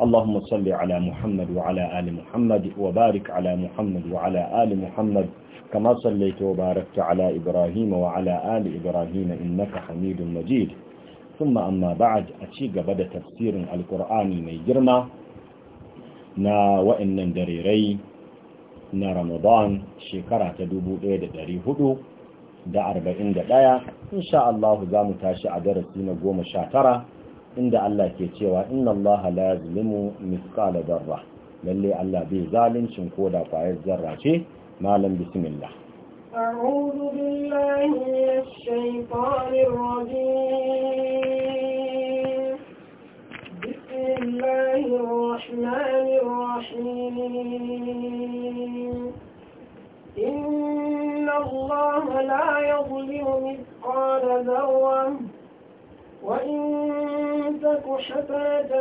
اللهم صل على محمد وعلى آل محمد وبارك على محمد وعلى آل محمد كما صليت وباركت على إبراهيم وعلى آل إبراهيم إنك حميد مجيد ثم أما بعد أشيق بدا تفسير القرآن من جرمة نا وإن دريري نا رمضان شكرة تدوبو إيدا دري هدو دا أربعين دا إن شاء الله زام تاشي عدرسين قوم شاترة inda Allah ke cewa inna Allah la yazlimu mithqala dharra lalle Allah bai zalincin koda kwayar zarra ce malam bismillah أعوذ بالله من الشيطان الرجيم بسم الله الرحمن الرحيم إن الله لا يظلم مثقال ذرة وإن تك حسنة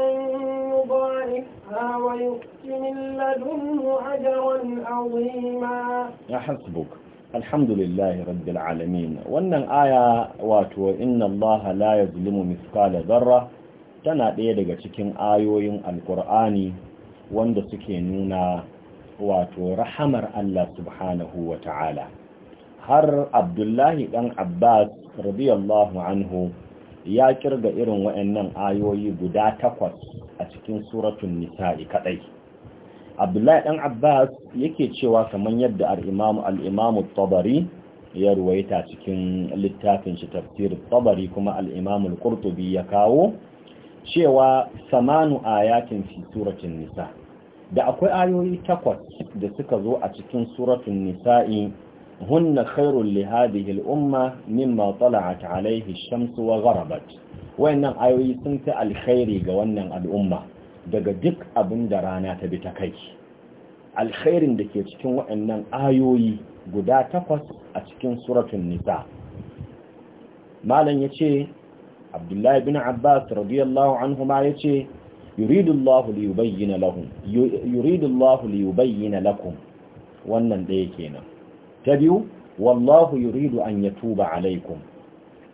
يضاعفها ويؤت لدنه أجرا عظيما حسبك الحمد لله رب العالمين wannan aya wato inna allaha la yuzlimu mithqala dharra tana ɗaya daga cikin ayoyin alkur'ani wanda suke nuna wato rahamar Allah subhanahu wata'ala har abdullahi ɗan abbas radiyallahu anhu ya kirga irin wa'annan ayoyi guda takwas a cikin suratun nisa'i kadai abdullahi dan abbas yake cewa kaman yadda al-imamu al-imamu tabari ya ruwaita cikin littafin shi tafsir tabari kuma al-imamu al-qurtubi ya kawo cewa samanu ayatin fi suratun nisa da akwai ayoyi takwas da suka zo a cikin suratun nisa'i hunna khairul li hadhihi min umma mimma tala'at alayhi ash-shams wayannan ayoyi sun fi alkhairi ga wannan al'umma daga duk abin da rana ta bi ta kai alkhairin da ke cikin wayannan ayoyi guda takwas a cikin suratul nisa malam yace Abdullahi bin Abbas radiyallahu anhu ma yace yuridullahu Allah li yubayyana lahum lakum wannan da yake nan ta biyu wallahu yuridu an ya tuba alaikum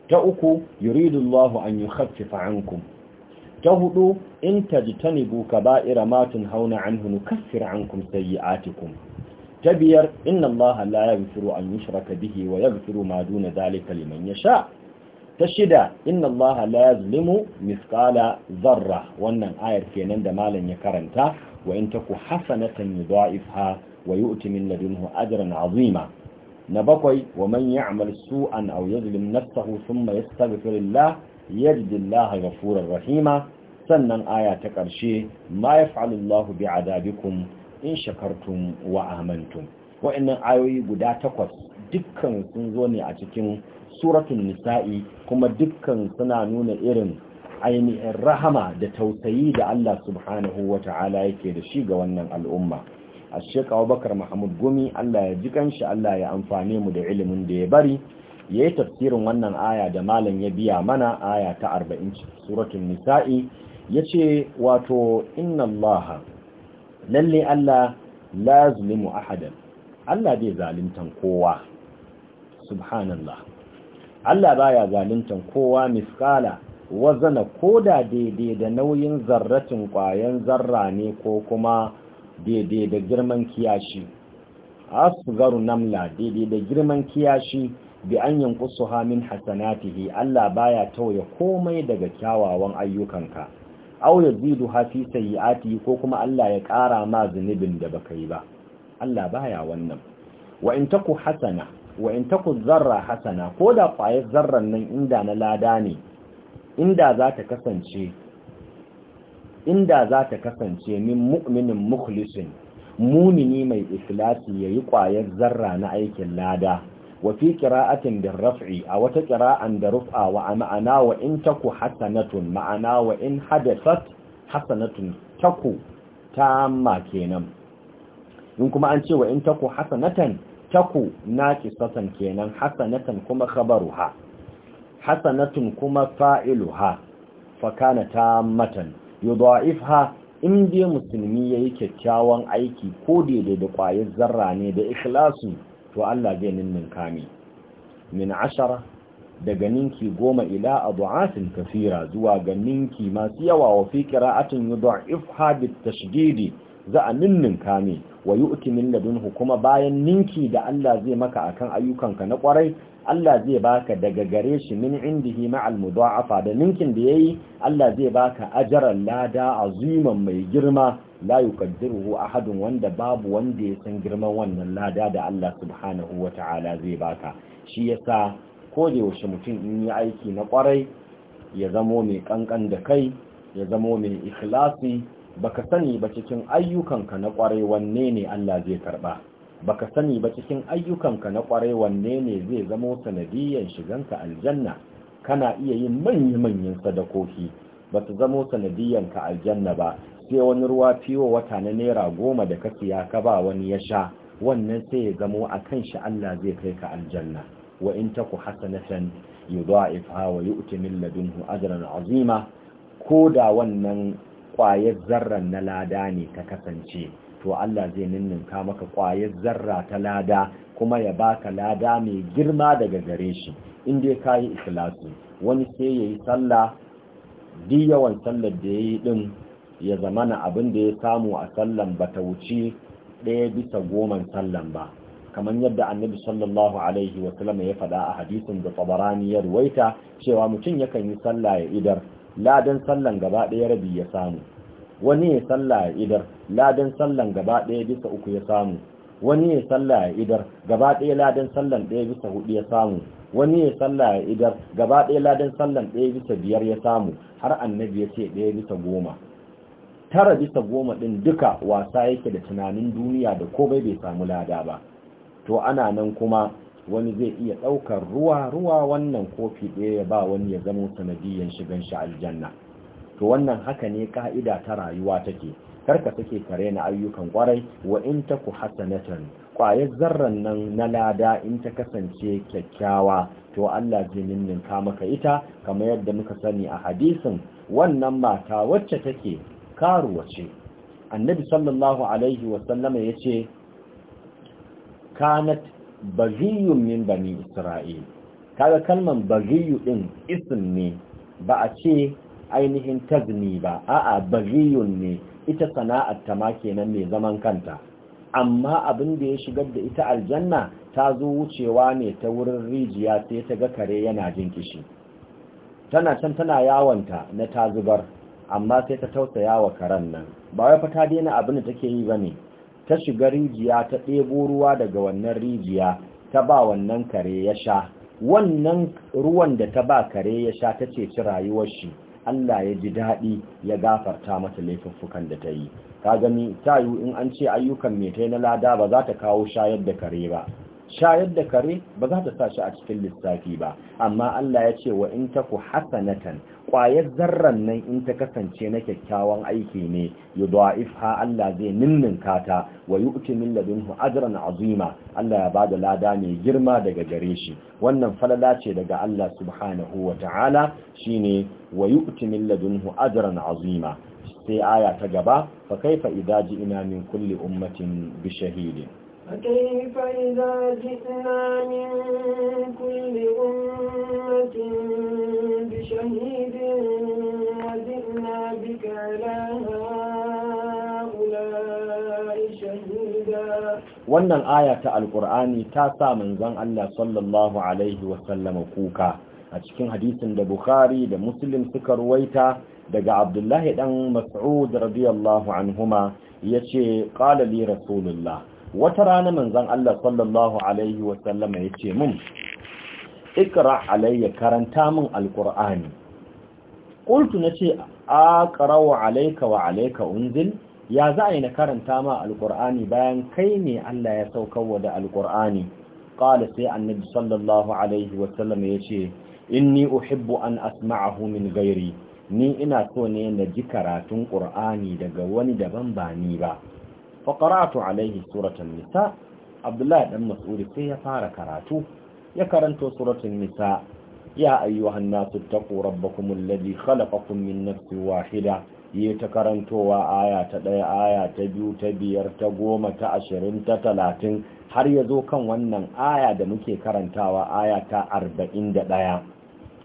ta uku yuridu Allah an kaffifa ankum ta hudu in tajtanibu kaba'ira ma tunhauna anhu nukaffir ankum sayyi'atikum ta biyar inna Allah la yaghfiru an yushraka bihi wa yaghfiru ma duna dhalika liman sha. ta shida inna Allah la yazlimu miskala zarra wannan ayar kenan da malam ya karanta wa in taku hasanatan yudha'ifha wa yu'ti min ladunhu ajran azima na bakwai wa man ya'mal su'an aw yazlim nafsahu thumma yastaghfirullah yajid Allah ghafurur rahima sannan aya ta ƙarshe ma yaf'alu a bi'adabikum in shakartun wa amintun. wa'annan ayoyi guda takwas dukkan sun zo ne a cikin suratun nisa'i kuma dukkan suna nuna irin ainihin rahama da tausayi da Allah subhanahu Wata'ala yake da shi ga wannan al'umma a abubakar mahmud gumi allah ya ji kanshi allah ya amfane mu da ilimin da ya bari ya yi tafsirin wannan aya da malam ya biya mana aya ta arba'in suratun nisa'i ya ce wato inna allaha lalle allah la zulimu ahadan allah bai zalimtan kowa subhanallah allah baya zalimtan kowa miskala wazana koda daidai da nauyin zarratin kwayan zarra ne ko kuma daidai da girman kiyashi asgaru namla daidai da girman kiyashi bi an yanqusuha min hasanatihi Allah baya tauye komai daga kyawawan ayyukanka aw yazidu hafi sayiati ko kuma Allah ya ƙara ma zunubin da baka yi ba Allah baya wannan wa in taku hasana wa in taku zarra hasana ko da zarran nan inda na lada ne inda za ta kasance inda za ta kasance min mu'minin mukhlisin munini mai ikhlasi yayi ƙwayar zarra na aikin lada wa fi qira'atin bil raf'i a wata qira'an da rufa wa ma'ana wa in taku hasanatun ma'ana wa in hadathat hasanatun taku tamma kenan in kuma an ce wa in taku hasanatan taku naqisatan kenan hasanatan kuma khabaruha hasanatun kuma fa'iluha fa kana tammatan ha! in dai musulmi yayi kyakkyawan aiki ko daidai da ƙwayar zarra ne da ikhlasu to Allah zai ninninka mi min ashara daga ninki goma ila adu'atin kafira zuwa ga ninki masu yawa wa fi qira'atin yudha'ifha tashdidi za a ninninka mi wa yu'ti min ladunhu kuma bayan ninki da Allah zai maka akan ayyukanka na kwarai Allah zai baka daga gare shi min indihi ma'al mudha'afa da ninkin da yayi Allah zai baka ajaran lada aziman mai girma la yuqaddiruhu ahadun wanda babu wanda ya san girman wannan lada da Allah subhanahu wata'ala zai baka shi yasa ko da yaushe mutum in yi aiki na kwarai ya zamo mai kankan da kai ya zamo mai ikhlasi baka sani ba cikin ayyukanka na kwarai wanne ne Allah zai karba baka sani ba cikin ayyukanka na kwarai wanne ne zai zamo sanadiyan shiganka aljanna kana iya yin manyan sadakoki ba su zamo sanadiyyan ka aljanna ba sai wani ruwa fiwo wata na naira goma da ka siya ka ba wani ya sha wannan sai ya zamo a kan shi Allah zai kai ka aljanna wa in taku hasanatan yudha'ifha wa yu'ti min ladunhu ajran azima ko da wannan kwayar zarran na lada ne ta kasance to Allah zai ninninka maka ƙwayar zarra ta lada kuma ya baka lada mai girma daga gare shi in ya kayi yi wani sai ya yi sallah duk yawan sallar da ya yi ɗin ya zama na abin da ya samu a sallan ba ta wuce ɗaya bisa goman sallan ba kamar yadda annabi sallallahu alaihi wa sallam ya faɗa a hadisin da tabarani ya ruwaita cewa mutum yakan yi sallah ya idar ladan sallan gaba ɗaya rabi ya samu wani ya salla ya idar ladan sallan gaba ɗaya bisa uku ya samu wani ya salla ya idar gaba ɗaya ladan sallan ɗaya bisa hudu ya samu wani ya salla ya idar gaba ɗaya ladan sallan ɗaya bisa biyar ya samu har annabi ya ce ɗaya bisa goma tara bisa goma ɗin duka wasa yake da tunanin duniya da komai bai samu lada ba to ana nan kuma wani zai iya ɗaukar ruwa ruwa wannan kofi ɗaya ya ba wani ya zama sanadiyyan shigan shi aljanna to wannan haka ne ka'ida ta rayuwa take kar ka sake kare na ayyukan kwarai wa in ku hasanatan kwayar zarran nan na lada in ta kasance kyakkyawa to Allah zai ninninka maka ita kamar yadda muka sani a hadisin wannan mata wacce take karuwa ce annabi sallallahu alaihi wa sallama yace kanat baghiyun min bani isra'il kaga kalman baghiyu din ism ne ba a ce ainihin tazni ba a'a bariyun ne ita sana'ar ta ma kenan mai zaman kanta amma abin da ya shigar da ita aljanna ta zo wucewa ne ta wurin rijiya sai ta ga kare yana jin kishi tana can tana yawonta na ta zubar amma sai ta tausaya wa karen nan ba wai fa ta daina abin da take yi bane ta shiga rijiya ta ɗebo ruwa daga wannan rijiya ta ba wannan kare ya sha wannan ruwan da ta ba kare ya sha ta ci rayuwar shi Allah ya ji daɗi ya gafarta mata laifuffukan da ta yi ka gani ta yiwu in an ce ayyukan mai ta na lada ba za ta kawo shayar da kare ba shayar da kare ba za ta sa shi a cikin lissafi ba amma Allah ya ce wa in ta ku hasanatan ƙwayar zarran nan in ta kasance na kyakkyawan aiki ne ifha Allah zai ninninka ta wa yu'ti min ladunhu ajran azima Allah ya bada lada mai girma daga gare shi wannan falala ce daga Allah subhanahu wata'ala shine wa yu'ti min ladunhu ajran azima sai aya ta gaba fa kaifa idza ina min kulli ummatin bi shahidin فكيف إذا جئنا من كل أمة بشهيد وزئنا بك على هؤلاء شهيدا wannan aya ta alkur'ani ta sa manzon Allah الله alaihi وسلم kuka a cikin hadisin da Bukhari da Muslim suka ruwaita daga Abdullahi dan Mas'ud radiyallahu anhuma yace qala li rasulullah wata rana manzon Allah sallallahu alaihi wa ya ce mun ikra alayya karanta min alqur'ani qultu a aqra'u alayka wa alayka unzil ya za a yi na karanta ma alqur'ani bayan kai ne Allah ya saukawa da alqur'ani qala sai annabi sallallahu alaihi wa ya ce, inni uhibbu an asma'ahu min gairi, ni ina so ne na ji karatun ƙur'ani daga wani daban ba ni ba fa alaihi suratun nisa abdullahi ɗan mas'ud sai ya fara karatu ya karanto suratun nisa ya ayyuhan nasu taqu rabbakum alladhi khalaqakum min nafsin wahida yi ta karantowa aya ta ɗaya aya ta biyu ta biyar ta goma ta ashirin ta talatin har ya zo kan wannan aya da muke karantawa aya ta arba'in da ɗaya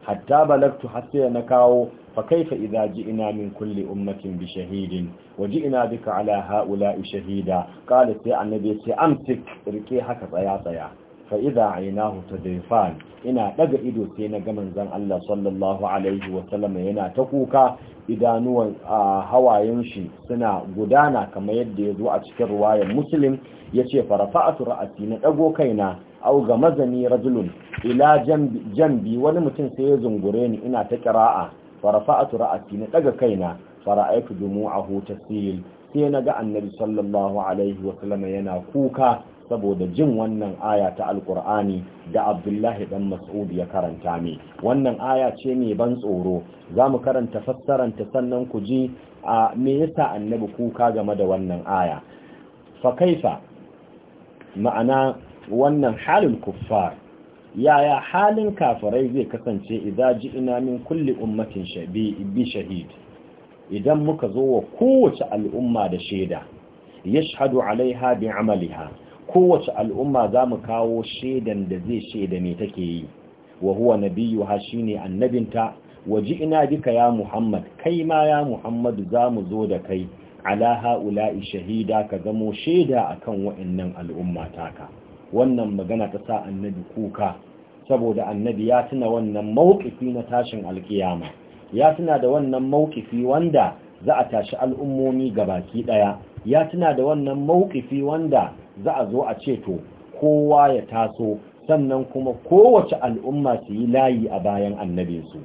hatta balagtu hasse na kawo فكيف إذا جئنا من كل أمة بشهيد وجئنا بك على هؤلاء شهيدا قال يا النبي سأمسك ركيحك طيا طيا فإذا عيناه تذرفان إنا لقى إدو سينا قمن زن الله صلى الله عليه وسلم ينا تقوكا إذا نوى هوا يمشي سنا قدانا كما يدي يزوء تشكر رواية مسلم يشي فرفعت رأسي نتقو كينا au ga mazani rajulun ila jambi wani mutum sai ya zungure ni ina ta kira'a farafa'atu ra'ati na daga kaina fara'aitu dumu'ahu tasil sai na ga annabi sallallahu alaihi wa sallam yana kuka saboda jin wannan aya ta alkur'ani da abdullahi dan mas'ud ya karanta mi wannan aya ce mai ban tsoro zamu karanta karanta ta sannan ku ji a me yasa annabi kuka game da wannan aya fa kaifa ma'ana wannan halin kuffar yaya halin kafirai zai kasance idan ji ina min kulli ummatin shabi bi shahid idan muka zo wa kowace al'umma da shaida yashhadu alaiha bi amaliha kowace al'umma zamu kawo shaidan da zai shaida me take yi wa huwa nabiyyu ha shine annabinta waji ina bika ya muhammad kai ma ya muhammad zamu zo da kai ala ulai shahida ka zamo shaida akan wa'annan al'umma taka wannan magana ta sa annabi kuka saboda annabi ya tuna wannan mawkifi na tashin alkiyama ya tuna da wannan mawkifi wanda za a tashi al'ummomi baki daya ya tuna da wannan mawkifi wanda za a zo a ce to kowa ya taso sannan kuma kowace al'umma su yi layi a bayan Annabi su,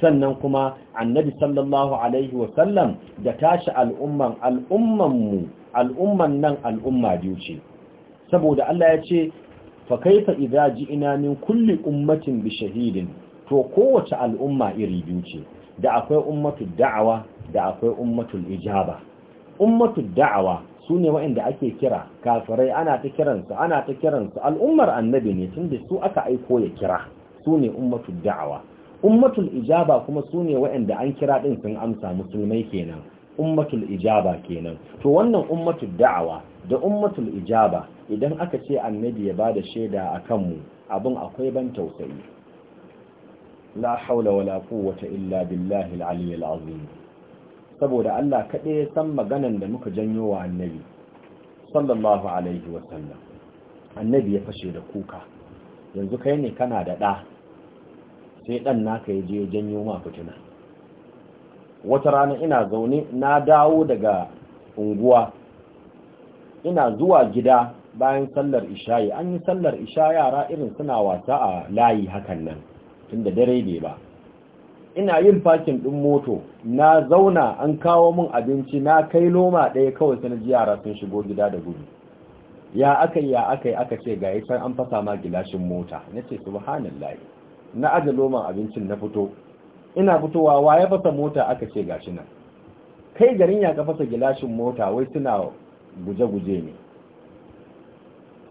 sannan kuma annabi sallallahu alaihi wasallam da tashi al'umman al'ummanmu al'umman nan al'umma biyu ce saboda Allah ya ce fa kaifa idza ji'na min kulli ummatin bi shahidin to kowace al'umma iri biyu ce da akwai ummatu da'awa da akwai ummatul ijaba ummatu da'awa sune ake kira kafirai ana ta su ana ta kiransu al'ummar annabi ne tun da su aka aiko ya kira Sune ummatu ummatul da'awa ummatul ijaba kuma sune ne an kira din sun amsa musulmai kenan ummatul ijaba kenan to wannan ummatul da'awa da ummatul ijaba idan aka ce annabi ya bada shaida akan mu abin akwai ban tausayi la haula wala quwwata illa billahi al azim saboda Allah kaɗai ya san maganan da muka janyo wa annabi sallallahu alaihi sallam, annabi ya fashe da kuka yanzu kai ne kana da ɗa sai ɗan naka ya je janyo ma fitina wata rana ina zaune na dawo daga unguwa ina zuwa gida bayan sallar ishayi an yi sallar isha yara irin suna wasa a layi hakan nan tunda dare ne ba ina yin fakin ɗin moto na zauna an kawo min abinci na kai loma ɗaya kawai sai ji yara sun shigo gida da gudu ya aka yi ya aka yi aka ce ga can an fasa ma gilashin mota na nace subhanallahi na aje loman abincin na fito ina fitowa ya fasa mota aka ce gashi nan kai garin ya ka fasa gilashin mota wai suna guje-guje ne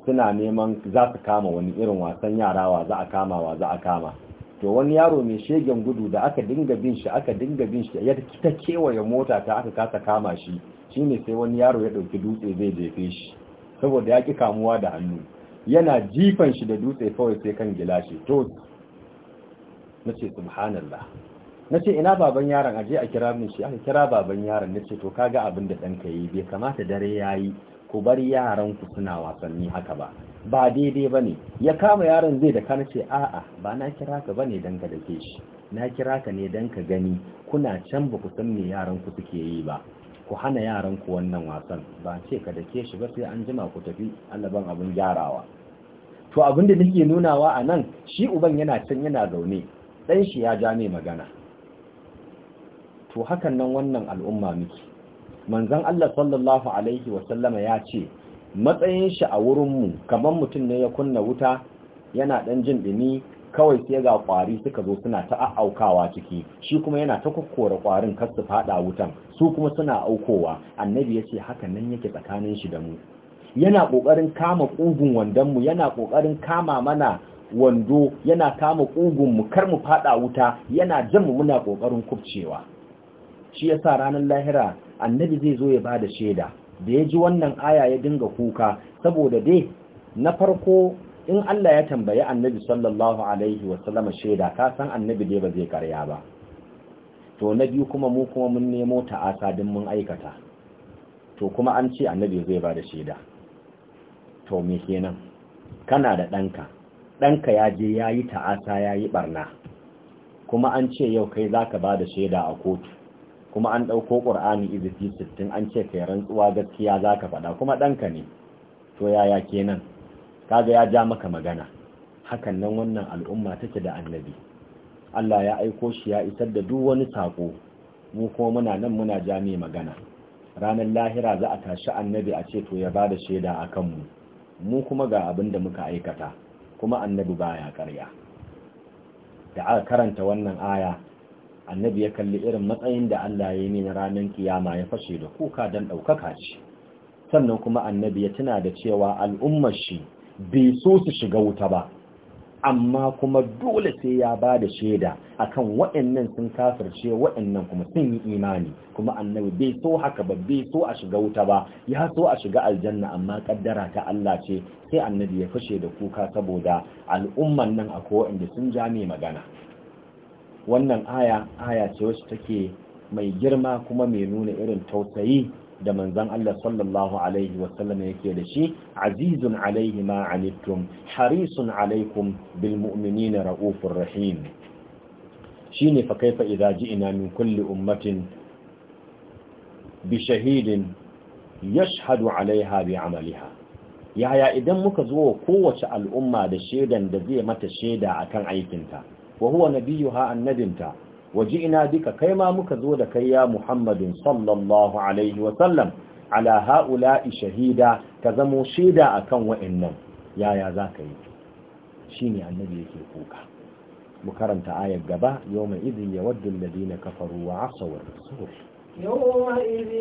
suna neman za su kama wani irin wasan yara wa za a kama wa za a kama to wani yaro mai shegen gudu da aka dinga bin shi aka dinga bin shi ya ta kewaye mota ta aka kasa kama shi shi shine sai wani yaro ya ɗauki dutse zai jefe shi saboda ya ki kamuwa da hannu yana jifan shi da dutse kawai sai kan gilashi to ce, subhanallah na ce ina baban yaron aje a kira min shi aka kira baban yaron na ce to kaga abin da ɗanka yi bai kamata dare ya yi ku bari yaran ku suna wasanni haka ba ba daidai ba ne ya kama yaron zai da kana ce a'a ba na kira ka ba ne don ka dake shi na kira ka ne don ka gani kuna can ba ku san me yaran ku suke yi ba ku hana yaran ku wannan wasan ba ce ka dake shi ba sai an jima ku tafi alaban abin gyarawa to abin da nake nunawa a nan shi uban yana can yana zaune ɗan shi ya ja mai magana to hakan nan wannan al'umma miki manzon Allah sallallahu alaihi wasallama ya ce matsayin shi a wurinmu kamar mutum ne ya kunna wuta yana ɗan jin ɗini kawai sai ga ƙwari suka zo suna ta aukawa ciki shi kuma yana ta kokkora ƙwarin kar su faɗa wutan su kuma suna aukowa annabi ya ce haka nan yake tsakanin shi da mu yana ƙoƙarin kama ƙugun wandonmu yana ƙoƙarin kama mana wando yana kama ƙugunmu kar mu faɗa wuta yana jan mu muna ƙoƙarin kubcewa shi ya sa ranar lahira annabi zai zo ya ba da shaida da ya ji wannan aya ya dinga kuka saboda dai na farko in Allah ya tambayi annabi sallallahu alaihi wasallam shaida ka san annabi dai ba zai karya ba to na biyu kuma mu kuma mun nemo ta'asa din mun aikata to kuma an ce annabi zai ba da shaida to me kenan kana da ɗanka ɗanka ya je yayi yi ta'asa yayi barna kuma an ce yau kai zaka ba da shaida a kotu kuma an ɗauko ƙur'ani izifi sittin an ce kai rantsuwa gaskiya za ka faɗa kuma ɗanka ne to yaya kenan kaga ya ja maka magana hakan nan wannan al'umma take da annabi Allah ya aiko shi ya isar da duk wani sako mu kuma muna nan muna ja mai magana ranar lahira za a tashi annabi a ce to ya ba da shaida a kanmu mu kuma ga abin da muka aikata kuma annabi baya karya. da aka karanta wannan aya annabi ya kalli irin matsayin da Allah ya yi na ranar kiyama ya fashe da kuka don ɗaukaka ce sannan kuma annabi ya tuna da cewa al'ummar shi bai so su shiga wuta ba amma kuma dole sai ya ba da shaida kan waɗannan sun kafirce waɗannan kuma sun yi imani kuma annabi bai so haka ba bai so a shiga wuta ba ya so a shiga aljanna amma ƙaddara ta Allah ce sai annabi ya fashe da kuka saboda al'umman nan akwai waɗanda sun ja magana wannan aya aya ce wacce take mai girma kuma mai nuna irin tausayi da manzon Allah sallallahu alaihi wasallam yake da shi azizun alaihi ma anittum harisun alaikum bil mu'minina raufur rahim shine fa kaifa idza ji'na min kulli ummatin bi shahidin yashhadu alaiha bi amaliha yaya idan muka zo kowace al'umma da shedan da zai mata sheda akan aikinta wa huwa ha annabinta ina bika kai ma muka zo da kai ya Muhammadin sallallahu alaihi wa sallam ala haula'i shahida ka zamo shaida akan wa'annan yaya zaka yi shine annabi yake kuka mu karanta ayar gaba yawma idhin yawaddu alladhina kafaru wa asaw ar-rasul يومئذ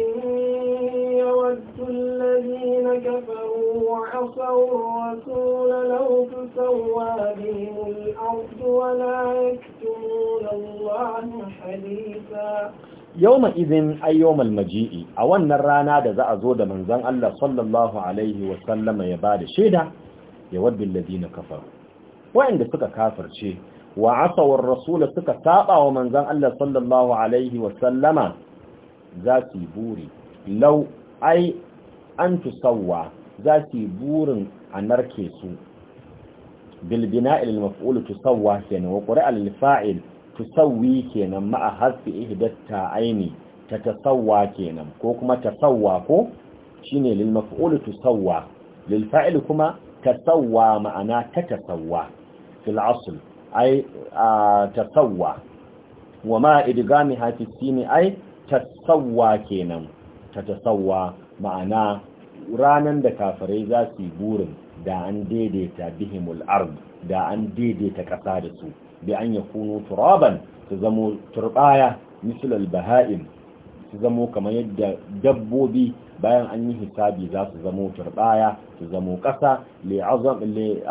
يود الذين كفروا وعصوا الرسول لو تسوى بهم الأرض ولا يكتمون الله حديثا yawma izin ayyomal maji'i a wannan rana da za a zo da manzon Allah sallallahu alaihi wasallama ya shaida ya wadda alladhina kafaru wa'anda suka kafirce wa asawar rasula suka saba wa manzon Allah sallallahu za su yi buri lau ai an tusawwa za su yi burin a narke su bilbina ilil maf'ul tusawwa kenan wa qura al fa'il tusawwi kenan ma'a harfi ihdatta aini ta tasawwa kenan ko kuma tasawwa ko shine lil maf'ul tusawwa lil fa'il kuma tasawwa ma'ana ta tasawwa fil asl ai tasawwa wa ma idgamiha fi sin ai tasawwa kenan ta ma'ana ranan da kafirai za su yi burin da an daidaita bihimul ard da an daidaita ƙasa da su bi an ya kuno turaban su zamo turbaya misalal bahain su zamo kamar yadda dabbobi bayan an yi hisabi za su zamo turbaya su zamo ƙasa li'azami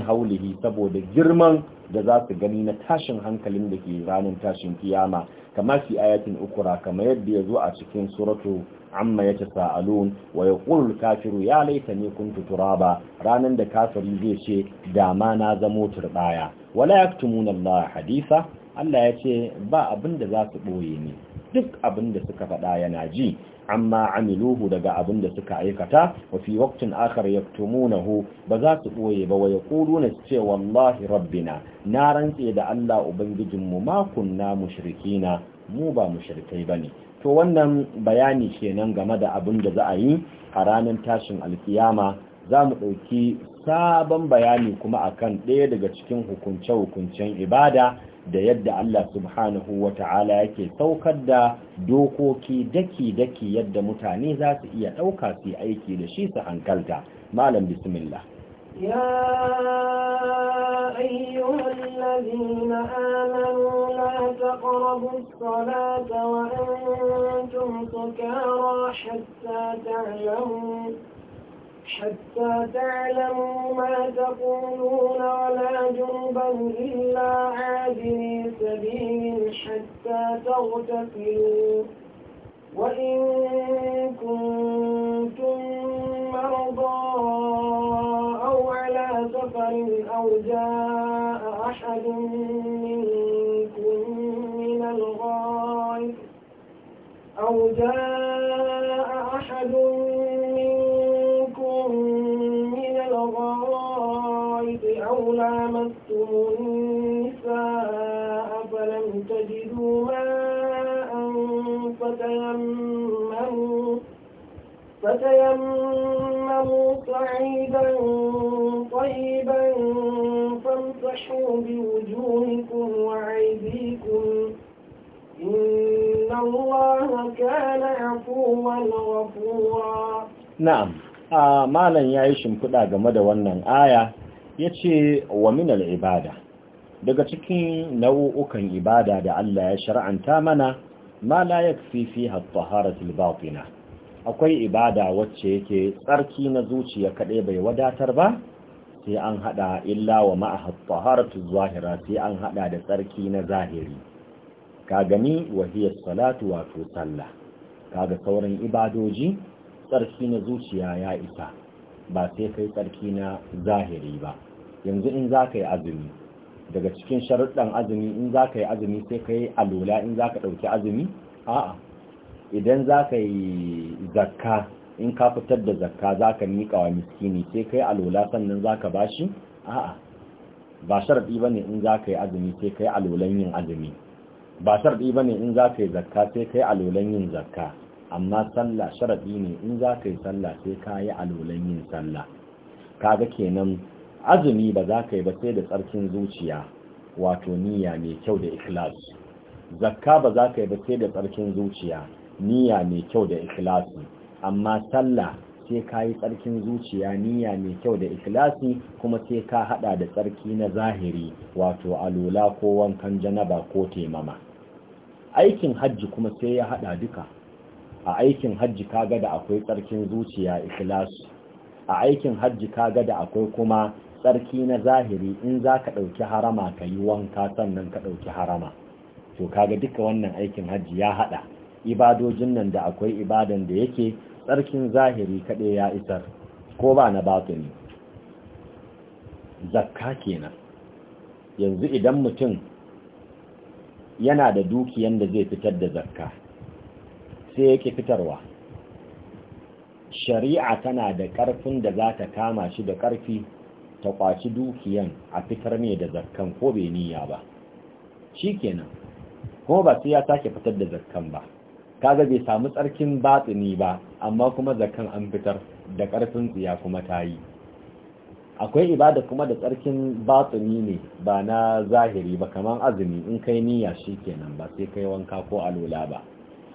ah, haulihi saboda girman da za su gani na tashin hankalin da ke ranar tashin kiyama kamar fi ayatin ukura kamar yadda ya zo a cikin suratu amma ya ta sa'alun wa ya ƙulul kafiru ya laita ne kun turaba ranar da kafiri zai ce dama na zamo turɓaya wala ya munar Allah hadisa Allah ya ce ba abin da za su ɓoye ne duk abin da suka faɗa yana ji amma amiluhu daga abin da suka aikata wa fi waqtin akhar yaktumunahu ba za su boye ba wa yaquluna ce wallahi rabbina na rantse da Allah ubangijinmu ma kunna mushrikina mu ba mushrikai bane to wannan bayani kenan game da abin da za a yi a ranar tashin alkiyama za mu ɗauki sabon bayani kuma akan ɗaya daga cikin hukunce-hukuncen ibada da yadda Allah subhanahu wa ta'ala yake saukar da dokoki daki-daki yadda mutane za su iya ɗauka su aiki da shi su hankalta malam bismillah يا أيها الذين آمنوا لا salata wa antum sukara hatta ta'lamu حتى تعلموا ما تقولون ولا جنبا إلا عابري سبيل حتى تغتسلوا وإن كنتم مرضى أو على سفر أو جاء أحد منكم من الغائب أو جاء جهنم صعيدا طيبا فامتحوا بوجوهكم وعيديكم إن الله كان عفوا غفورا نعم ما لن يعيش مكدا game da آية يتي ومن العبادة daga cikin nau'ukan ibada da Allah ya shar'anta mana ma la yakfi fiha at-taharatul batina akwai ibada wacce yake tsarki na zuciya kaɗai bai wadatar ba sai an haɗa illa wa ma'aha taharatu zahira sai an haɗa da tsarki na zahiri ka gani wahiyar salatu wato sallah kaga sauran ibadoji tsarki na zuciya ya isa ba sai kai tsarki na zahiri ba yanzu in za ka yi azumi daga cikin sharuɗan azumi in za ka yi azumi sai ka yi in za ka ɗauki azumi a'a idan za ka yi zakka in ka fitar da zakka za ka miƙa wa miskini sai kai alola sannan za ka bashi a'a ba sharaɗi ba ne in za ka yi azumi sai kai alolan yin azumi ba sharaɗi ba ne in za ka yi zakka sai kai alolan yin zakka amma sallah sharaɗi ne in za ka yi sallah sai ka yi alolan yin sallah kaga kenan azumi ba za ka yi ba sai da tsarkin zuciya wato niyya mai kyau da ikhlas zakka ba za ka yi ba sai da tsarkin zuciya niyya mai kyau da ikhlasi amma sallah sai ka yi tsarkin zuciya niyya mai kyau da ikhlasi kuma sai ka hada da tsarki na zahiri wato alola, ko wankan janaba ko taimama aikin hajji kuma sai ya hada duka a aikin hajji kaga da akwai tsarkin zuciya ikhlasi a aikin hajji kaga da akwai kuma tsarki na zahiri in za ka ɗauki harama ka yi wanka sannan ka ɗauki harama to kaga duka wannan aikin hajji ya hada ibadojin nan da akwai ibadan da yake tsarkin zahiri kaɗai ya isar ko ba na batuni zakka kenan yanzu idan mutum yana da dukiyan da zai fitar da zakka sai yake fitarwa shari'a tana da ƙarfin da za ta kama shi da ƙarfi ta kwaci dukiyan a fitar mai da zakkan ko bai niyya ba shi kenan kuma ba sai ya sake fitar da zakkan ba kaga bai samu tsarkin batsini ba amma kuma zakan an fitar da ƙarfin tsiya kuma ta yi akwai ibada kuma da tsarkin batsini ne ba na zahiri ba kamar azumi in kai niyya shi kenan ba sai kai wanka ko alola ba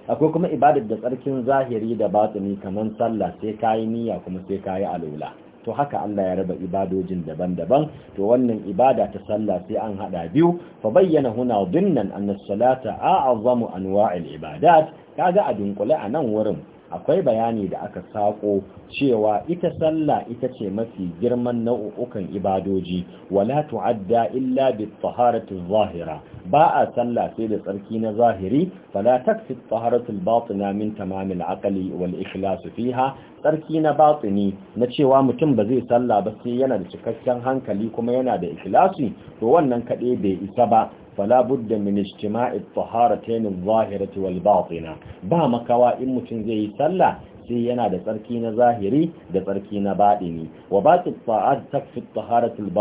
akwai kuma ibada da tsarkin zahiri da batsini kamar sallah sai kayi niyya kuma sai kayi alola to haka Allah ya raba ibadojin daban-daban to wannan ibada ta sallah sai an hada biyu fa bayyana huna dinnan anna salata a'azamu anwa'il ibadat kaga a dunkule a nan wurin akwai bayani da aka sako cewa ita sallah ita ce mafi girman nau'ukan ibadoji wala tu'adda illa bi taharati zahira ba a sallah sai da tsarki na zahiri fala takfi taharatu batina min tamam al-aqli wal ikhlas fiha tsarki na batini na cewa mutum ba zai sallah ba sai yana da cikakken hankali kuma yana da ikhlasi to wannan kade bai isa ba fala budda min ijtima'i at-taharatayn adh-dhahirati wal-batina ba makawa in mutum zai yi sallah sai yana da tsarki na zahiri da tsarki na baɗini wa batu ta'ad takfi taharatul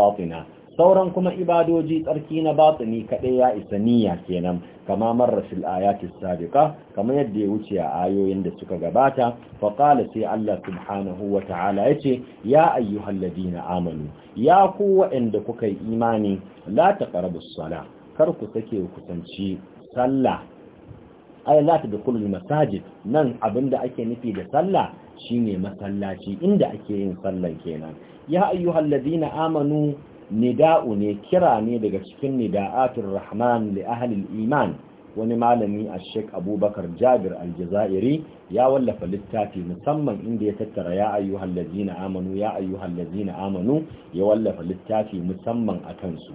sauran kuma ibadoji tsarki na batini kaɗai ya isa niyya kenan kama marar fil ayati sabiqa kamar yadda ya wuce a ayoyin da suka gabata fa qala sai Allah subhanahu wa ta'ala yace ya ayyuhalladina amanu ya ku wa'anda kuka yi imani la taqrabus salah kar ku sake kusanci sallah ay la tadkhulul masajid nan abinda ake nufi da sallah shine masallaci inda ake yin sallah kenan ya ayyuhal ladina amanu nida'u ne kira ne daga cikin nida'atul rahman li ahli iman wani malami a sheik abubakar jabir aljazairi ya wallafa littafi musamman inda ya tattara ya ayyuhal ladina amanu ya ayyuhal ladina amanu ya wallafa littafi musamman a kansu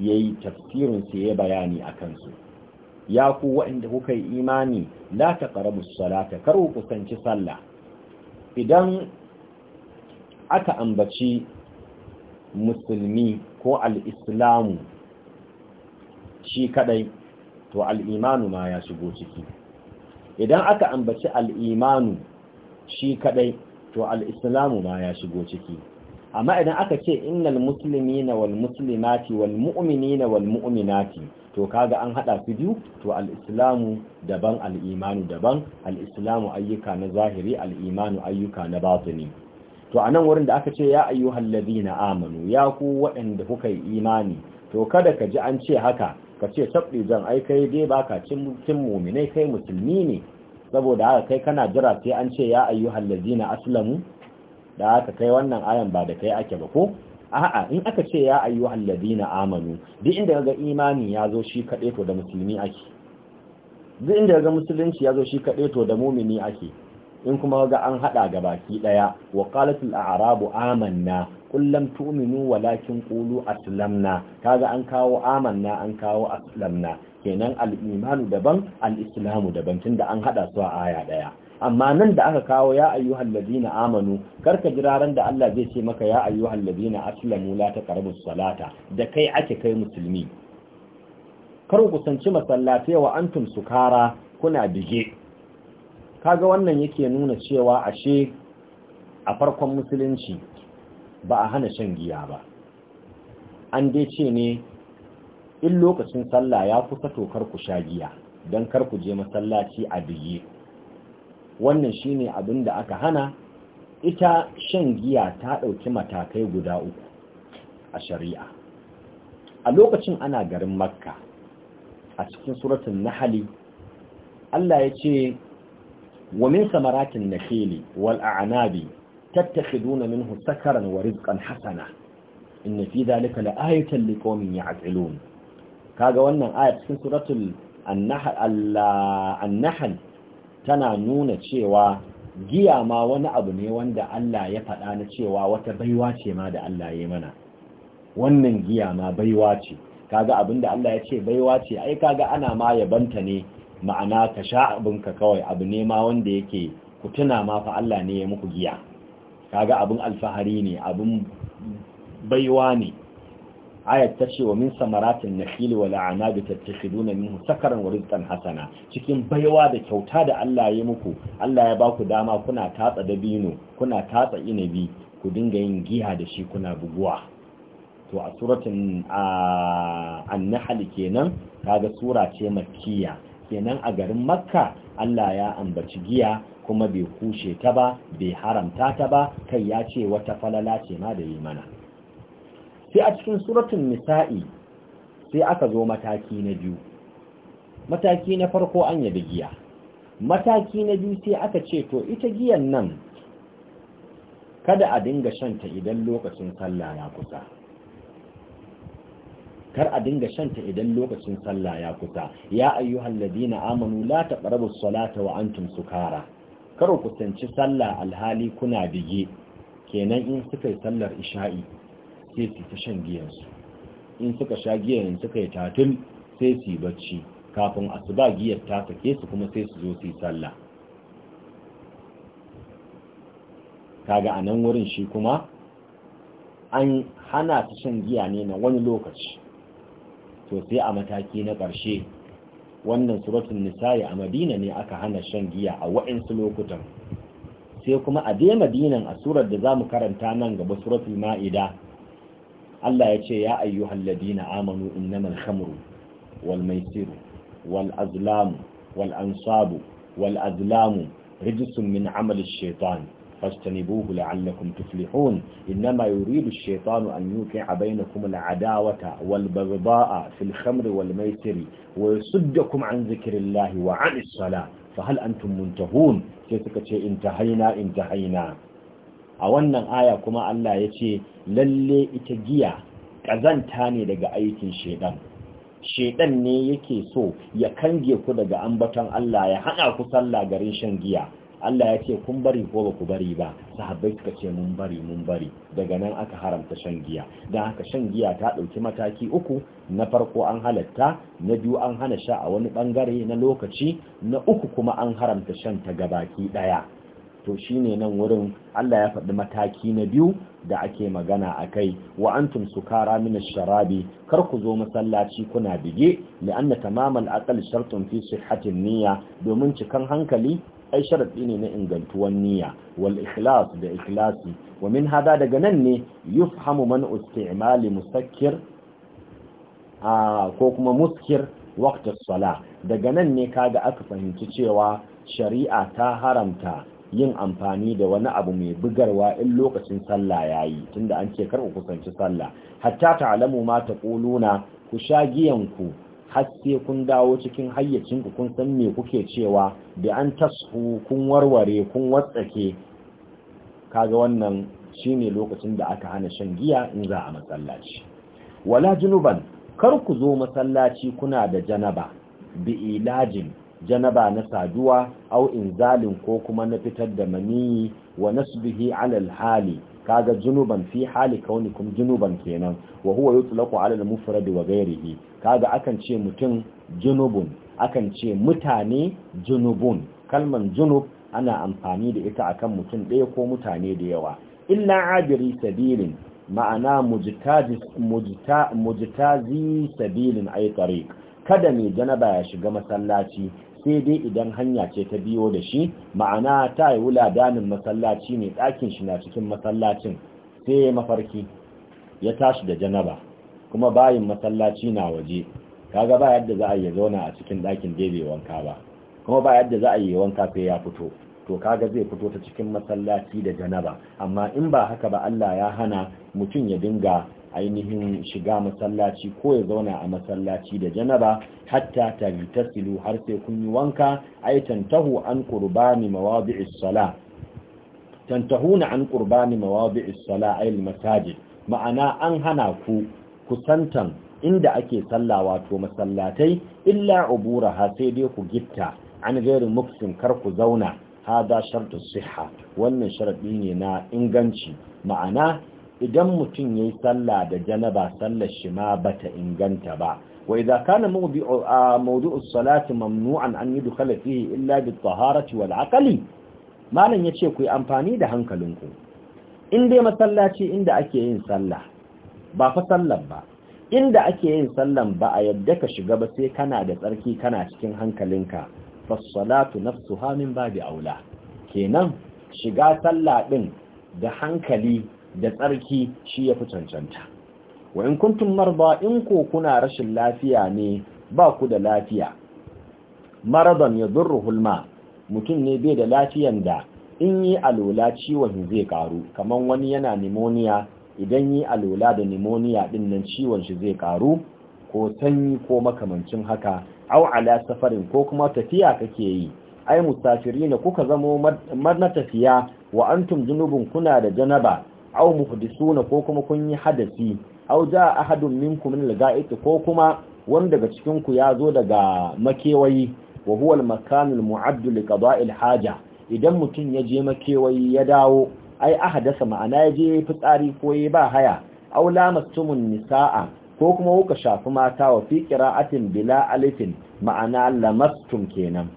Yayi tafsirin tafsirinsu ya bayani a kansu ya ku waɗanda kuka yi imani la ta ƙarabu salata kar ku kusanci sallah idan aka ambaci musulmi ko al'islamu shi kadai to al'imanu ma ya shigo ciki idan aka ambaci al'imanu shi kadai to Al-Islamu ma ya shigo ciki amma idan aka ce innal muslimina wal muslimati wal mu'minina wal mu'minati to kaga an hada su biyu to al-islamu daban al-imanu daban al-islamu ayyuka na zahiri al-imanu ayyuka na batini to anan wurin da aka ce ya na amanu ya ku waɗanda kuka yi imani to kada ka ji an ce haka ka ce tabbi zan ai kai dai baka cin mutum mu'minai kai musulmi ne saboda haka kai kana jira sai an ce ya na aslamu da aka kai wannan ayan ba da kai ake ba ko a'a in aka ce ya ayyu alladina amanu duk inda ga imani ya shi kade to da musulmi ake duk inda ga musulunci yazo shi kade to da mumini ake in kuma ga an haɗa ga baki ɗaya wa qalatul a'rabu amanna kullum tu'minu walakin qulu aslamna kaga an kawo amanna an kawo aslamna kenan al-imanu daban al-islamu daban tunda an hada su a aya daya amma nan da aka kawo ya ayyuhal ladina amanu karka jira ran da Allah zai ce maka ya ayyuhal ladina aslamu la taqrabus salata da kai ake kai musulmi kar ku masallati masallatai wa antum sukara kuna bige kaga wannan yake nuna cewa ashe a farkon musulunci ba a hana shan giya ba an dai ce ne in lokacin sallah ya kusa tokar ku sha giya don kar ku je masallaci a bige wannan shine abin da aka hana ita shan giya ta ɗauki matakai guda uku a shari'a a lokacin ana garin makka a cikin suratun nahali Allah ya ce wa min samaratin nakeli wal a'nabi tattakhiduna minhu sakaran wa rizqan hasana inna fi dhalika la'ayatan liqawmin ya'qilun kaga wannan aya cikin suratul an tana nuna cewa giya ma wani abu ne wanda Allah ya faɗa na cewa wata baiwa ce ma da Allah ya mana wannan giya ma baiwa ce kaga da Allah ya ce baiwa ce ai kaga ana ma yabanta ne ma'ana ka sha abinka kawai abu ne ma wanda yake ku tuna ma fa Allah ne ya muku giya kaga abin alfahari ne abin baiwa ne ayat ta ce wa min samaratin nakhili wa a'nabi tattakhiduna minhu sakaran wa rizqan hasana cikin baiwa da kyauta da Allah ya muku Allah ya ba ku dama kuna tatsa dabino kuna tatsa inabi ku dinga yin giya da shi kuna buguwa to a suratin an-nahl kenan kaga sura ce makkiya kenan a garin makka Allah ya ambaci giya kuma bai kushe ta ba bai haramta ta ba kai ya ce wata falala ce ma da yi mana sai a cikin suratun nisa'i sai aka zo mataki na biyu mataki na farko an yabi giya mataki na biyu sai aka ce to ita giyan nan kada a dinga shanta idan lokacin sallah ya kusa kar a dinga shanta idan lokacin sallah ya kusa ya ayyuhal ladina amanu la taqrabu as-salata wa antum sukara kar ku kusanci sallah alhali kuna bige kenan in suka yi sallar isha'i sai su ta shan giyansu in suka sha giyan suka yi tatil sai su yi bacci kafin a su ba giyar ta sake su kuma sai su zo su yi sallah kaga a nan wurin shi kuma an hana ta shan giya ne na wani lokaci to sai a mataki na ƙarshe wannan suratun nisa'i a madina ne aka hana shan giya a wa'insu lokutan sai kuma a dai madinan a surar da za mu karanta nan gaba suratul ma'ida Allah ya ce ya ayyuhal ladina amanu innamal khamru wal maisiru wal azlamu wal ansabu wal azlamu rijsun min amali shaitan فاجتنبوه لعلكم تفلحون إنما يريد الشيطان أن يوقع بينكم العداوة والبغضاء في الخمر والميسر ويصدكم عن ذكر الله وعن الصلاة فهل أنتم منتهون سيسكت انتهينا انتهينا a wannan aya kuma Allah ya ce lalle ita giya ƙazanta ne daga aikin shaidan shaidan ne yake so ya kange ku daga ambaton Allah ya hana ku sallah garin shan giya Allah ya ce kun bari ko ba ku bari ba sahabbai suka ce mun bari mun bari daga nan aka haramta shan giya don haka shan giya ta ɗauki mataki uku na farko an halatta na biyu an hana sha a wani ɓangare na lokaci na uku kuma an haramta shan ta gabaki ɗaya to shine nan wurin Allah ya faɗi mataki na biyu da ake magana a kai wa antum kara min sharabi kar ku zo masallaci kuna bige li'anna tamamal aqal shartun fi sihhatin niyya domin cikan hankali ai sharadi ne na ingantuwan niyya wal ikhlas da ikhlasi wa min hada daga nan ne yufhamu man istimali musakkir ko kuma muskir waqtas sala daga nan ne kaga aka fahimci cewa shari'a ta haramta yin amfani da wani abu mai bugarwa in lokacin sallah yayi tunda an ce ku kusanci sallah hatta ta'lamu ma ta ƙuluna, ku sha giyanku, har sai kun dawo cikin hayyacinku kun san me kuke cewa da an tashu kun warware kun watsake kaga wannan shine lokacin da aka hana shan giya in za a masallaci wala junuban kar ku zo masallaci kuna da janaba bi ilajin janaba na saduwa au inzalin ko kuma na fitar da maniyi wa nasbihi alal hali kaga junuban fi hali kaunikum junuban kenan wa huwa yutlaqu ala al-mufrad wa ghayrihi kaga akan ce mutum junubun akan ce mutane junubun kalman junub ana amfani da ita akan mutum ɗaya ko mutane da yawa illa abiri sabilin ma'ana mujtazi sabilin ay tariq kada mai janaba ya shiga masallaci sai dai idan hanya ce ta biyo da shi ma'ana ta yi wuladanin masallaci ne ɗakin shi na cikin masallacin sai ya mafarki ya tashi da janaba kuma bayin masallaci na waje kaga ba yadda za a yi zauna a cikin ɗakin da bai wanka ba kuma ba yadda za a yi wanka sai ya fito to kaga zai fito ta cikin masallaci da janaba amma in ba haka ba Allah ya hana mutum ya dinga ainihin shiga masallaci ko ya zauna a masallaci da janaba hatta tasilu har sai kun yi wanka Ai tantahu an qurbani mawadi'is sala tantahuna an qurbani mawadi'is sala ay masajid ma'ana an hana ku kusantan inda ake sallah wato masallatai illa uburaha sai dai ku gitta an gairu muksin kar ku zauna hada shartu sihha wannan sharadi ne na inganci ma'ana idan mutum ya yi sallah da janaba sallar shi ma bata inganta ba wa idza kana mawdi'u mawdi'u salati mamnu'an an yudkhala fihi illa bi taharati wal aqli malam yace ku yi amfani da hankalinku in dai masallaci inda ake yin sallah ba fa sallar ba inda ake yin sallan ba a yadda ka shiga ba sai kana da tsarki kana cikin hankalinka salatu nafsuha min babi aula kenan shiga sallah din da hankali da tsarki shi ya fi cancanta wa in kuntum marba in ko kuna rashin lafiya ne ba ku da lafiya maradan ya zurru Hulma. mutum ne bai da lafiyan da in yi alola ciwon zai karu kamar wani yana nimoniya. idan yi alola da nimoniya din nan ciwon shi zai karu ko sanyi ko makamancin haka au ala safarin ko kuma tafiya kake yi ai musafiri ne kuka zamo mar na tafiya wa antum junubun kuna da janaba aw muhdisuna ko kuma kun yi hadasi aw a ahadun minkum min al-ga'id ko kuma wanda daga cikin ku ya zo daga makewayi wa huwa al-makanul mu'addu li qada'il haja idan mutum ya je makewayi ya dawo ai ahadasa ma'ana ya je fitsari ko ya ba haya aw lamastumun nisaa ko kuma kuka shafi mata wa fi qira'atin bila alifin ma'ana lamastum kenan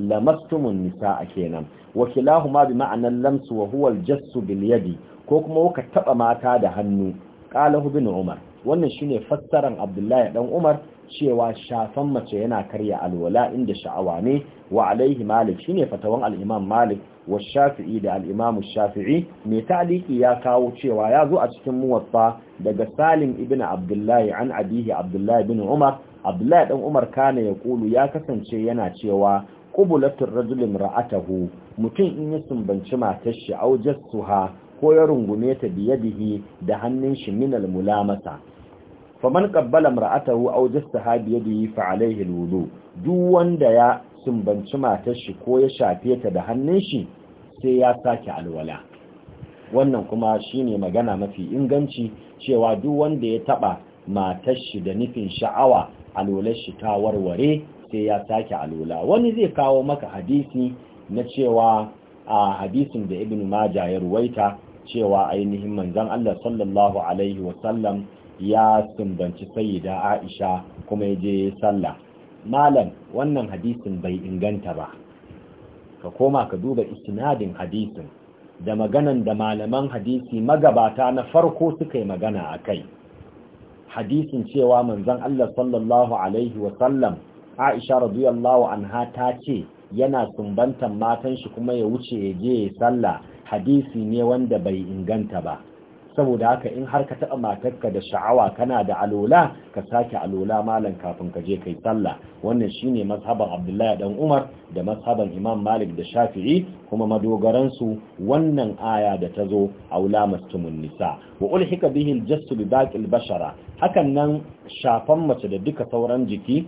lamastumun nisaa kenan wa kilahuma bi ma'anan lamsu wa huwa al-jassu bil yadi ko kuma ka taba mata da hannu qala bin umar wannan shine fassaran abdullahi dan umar cewa shafan mace yana karya alwala inda sha'awa ne wa alaihi malik shine fatawan al-imam malik wa shafi'i da al-imam shafi'i mai ta'liqi ya kawo cewa ya zo a cikin muwatta daga salim ibn abdullahi an abihi abdullahi bin umar abdullahi dan umar kana ya kulu ya kasance yana cewa qubulatur rajulin ra'atahu mutum in ya sumbanci matar shi aujassuha ko ya rungume ta biyadihi da hannun shi min almulamasa faman qabbala mar'atahu aw jassaha biyadihi fa alayhi alwudu duk wanda ya sumbanci matar shi ko ya shafe ta da hannun shi sai ya sake alwala wannan kuma shine magana mafi inganci cewa duk wanda ya taba matar shi da nufin sha'awa alwalar shi ta warware sai ya sake alwala wani zai kawo maka hadisi na cewa a hadisin da ibn maja ya ruwaita cewa ainihin manzon Allah sallallahu alaihi wasallam ya sumbanci sayyida Aisha kuma ya je sallah malam wannan hadisin bai inganta ba ka koma ka duba isnadin hadisin da maganan da malaman hadisi magabata na farko suka yi magana a kai hadisin cewa manzon Allah sallallahu alaihi wasallam Aisha radiyallahu anha ta ce yana sumbantan matan shi kuma ya wuce ya je ya sallah hadisi ne wanda bai inganta ba saboda haka in har ka taɓa matarka da sha'awa kana da alola ka sake alola malam kafin ka je kai sallah wannan shine mazhaban abdullahi dan umar da mazhaban imam malik da shafi'i kuma madogaransu wannan aya da ta zo aula mastumun nisa wa ulhika bihi aljassu bi baqil bashara hakan nan shafan mace da duka sauran jiki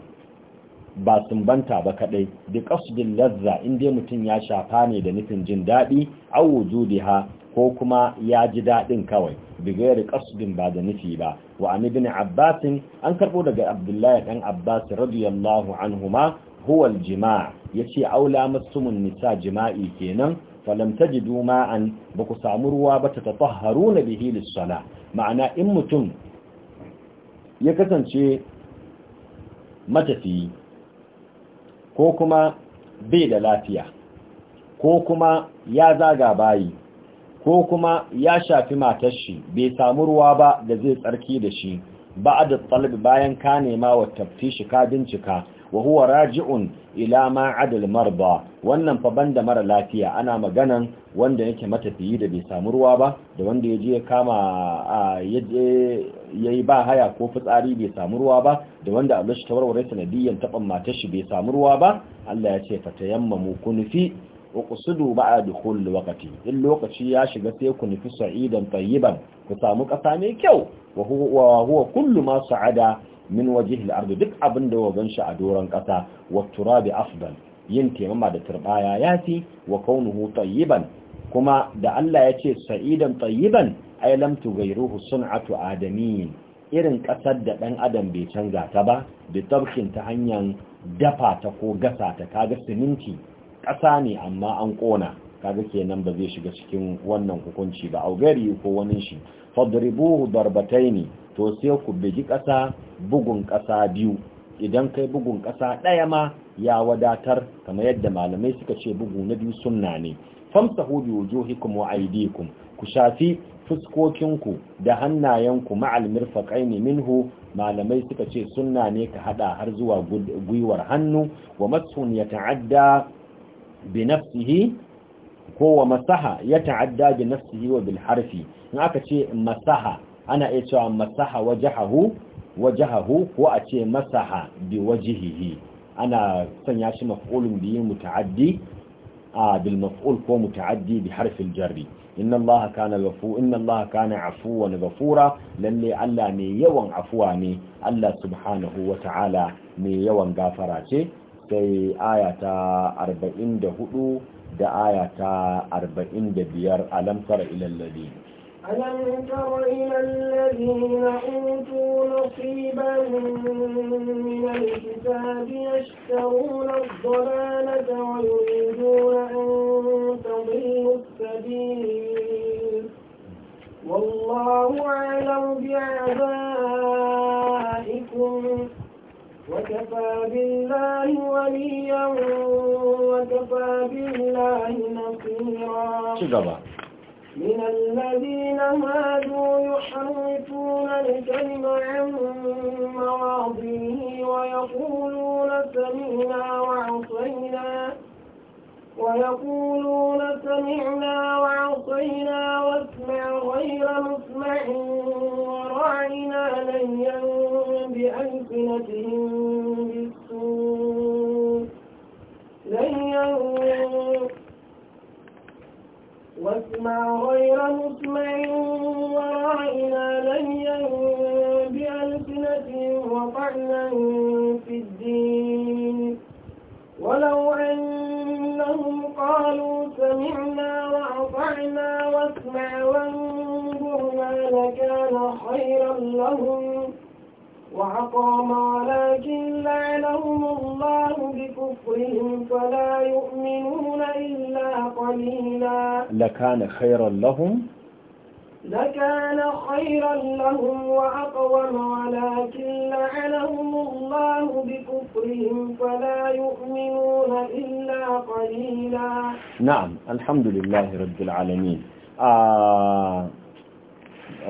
ba sumbanta ba kadai bi qasdil lazza inda mutum ya shafa ne da nufin jin dadi aw wujudiha ko kuma ya ji dadin kawai bi gairi qasdin ba da nufi ba wa an ibn abbas an karbo daga abdullahi dan abbas radiyallahu anhuma huwa al-jima' yace aula masumun nisa jima'i kenan falam tajidu ma'an ba ku samu ruwa ba ta tatahharuna bihi lis-sala ma'ana in mutum ya kasance matafiyi ko kuma bai da lafiya ko kuma ya zaga bayi ko kuma ya shafi matar shi bai samu ruwa ba da zai tsarki da shi ba da bayan ka nema wa taftishi ka bincika wa huwa raji'un ila ma adal marba wannan fa banda mara lafiya ana maganan wanda yake matafiyi da bai samu ruwa ba da wanda ya je kama ya ya yi ba haya ko fitsari bai samu ruwa ba da wanda Allah shi warware sanadiyyan taɓan matar shi bai samu ruwa ba Allah ya ce mu kunufi wa a ba'a dukhul waqti in lokaci ya shiga sai ku nufi sa'idan tayyiban ku samu ƙasa mai kyau wa huwa huwa kullu ma sa'ada min wajhi al-ard duk abin da wagan shi a doron ƙasa wa turabi afdal yin taimama da turbaya yafi wa kaunuhu tayyiban kuma da Allah ya ce sa'idan tayyiban ay lam tughayruhu sun'atu adamin irin ƙasar da ɗan adam bai canza ta ba bi tabkin ta hanyar dafa ta ko gasa ta kaga siminti Ƙasa ne amma an kona kaga kenan ba zai shiga cikin wannan hukunci ba augari ko wani shi fadribuhu ne to sai ku bigi ƙasa, bugun ƙasa biyu idan kai bugun ƙasa ɗaya ma ya wadatar kamar yadda malamai suka ce bugu na biyu sunna ne famsa bi wujuhikum wa aydikum ku shafi fuskokinku da hannayenku ma'al mirfaqaini minhu malamai suka ce sunna ne ka hada har zuwa gwiwar hannu wa masun yata'adda bi nafsihi ko wa masaha yata'adda bi nafsihi wa bil harfi in aka ce masaha ana iya cewa masaha wajahahu wajahahu ko a ce masaha bi wajihihi ana sanya shi maf'ulun bi muta'addi bil maf'ul ko muta'addi bi harfil jarri inna allaha kana gafu inna allaha kana afuwan gafura lalle Allah ne yawan afuwa ne Allah subhanahu wata'ala me yawan gafara ce sai arba'in da hudu da ayata arba'in da biyar tara ilal ladina ألم تر إلى الذين أوتوا نصيبا من الكتاب يشترون الضلالة ويريدون أن تضلوا السبيل والله أعلم بأعدائكم وكفى بالله وليا وكفى بالله نصيرا من الذين هادوا يحرفون الكلم عن مواضعه ويقولون سمعنا وعصينا ويقولون سمعنا وعصينا واسمع غير مسمع وراعنا ليا بألسنتهم وأسمع غير مسمع ورأينا لنيا بألسنة وطعنا في الدين ولو أنهم قالوا سمعنا وأطعنا واسمع وانظرنا لكان خيرا لهم وعقام ولكن لعنهم الله بكفرهم فلا يؤمنون إلا قليلا لكان خيرا لهم لكان خيرا لهم وأقوم ولكن لعنهم الله بكفرهم فلا يؤمنون إلا قليلا نعم الحمد لله رب العالمين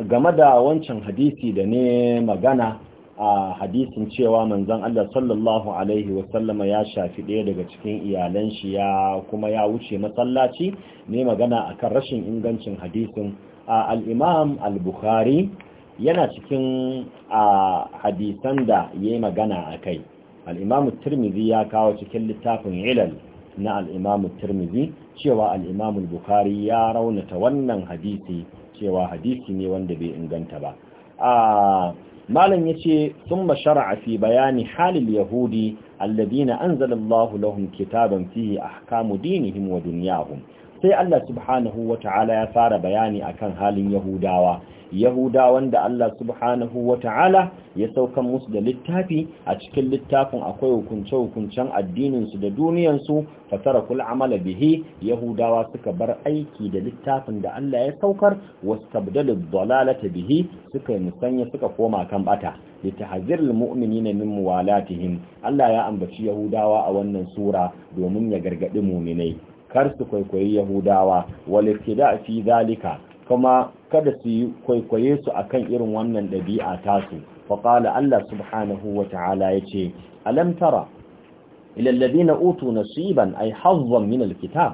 game da wancan hadisi da ne magana a hadisin cewa manzon Allah sallallahu alaihi wasallama ya shafi ɗaya daga cikin iyalan shi ya kuma ya wuce masallaci ne magana akan rashin ingancin hadisin al-Imam al-Bukhari yana cikin hadisan da yayi magana akai al-Imam tirmizi ya kawo cikin littafin Ilal na al-Imam tirmizi cewa al-Imam al-Bukhari ya raunata wannan hadisi cewa hadisi ne wanda bai inganta ba malam yace sun shar'a fi bayani halil yahudi alladhina anzalallahu lahum kitaban fihi ahkamu dinihim wa dunyahum sai Allah subhanahu wata'ala ya fara bayani akan halin Yahudawa Yahudawan da Allah subhanahu wata'ala ya saukan musu da littafi a cikin littafin akwai hukunce-hukuncen addininsu da duniyansu fatara kula amala bihi Yahudawa suka bar aiki da littafin da Allah ya saukar wasu tabdalin dalalata bihi suka yi musanya suka koma kan bata da tahazirul mu'minina min muwalatihim Allah ya ambaci Yahudawa a wannan sura domin ya gargaɗi muminai kar su kwaikwayi yahudawa wal kida fi zalika kuma kada su yi kwaikwaye su akan irin wannan dabi'a tasu fa qala Allah subhanahu wa ta'ala yace alam tara ila alladhina utu nasiban ay hazzan min alkitab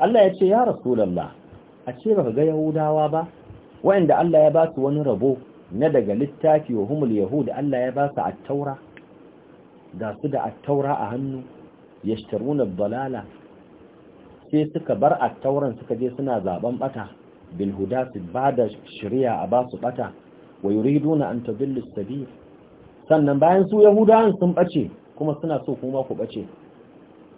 Allah yace ya rasulullah a ce baka ga yahudawa ba Wayanda Allah ya ba su wani rabo na daga littafi wa humul yahud Allah ya ba su at-taura ga su da at-taura a hannu yashtaruna ad-dalala sai suka bar attauran suka je suna zaben bata bil huda su bada shirya a ba su bata wa yuriduna an tadillu sannan bayan su yahudawan sun bace kuma suna so kuma ku bace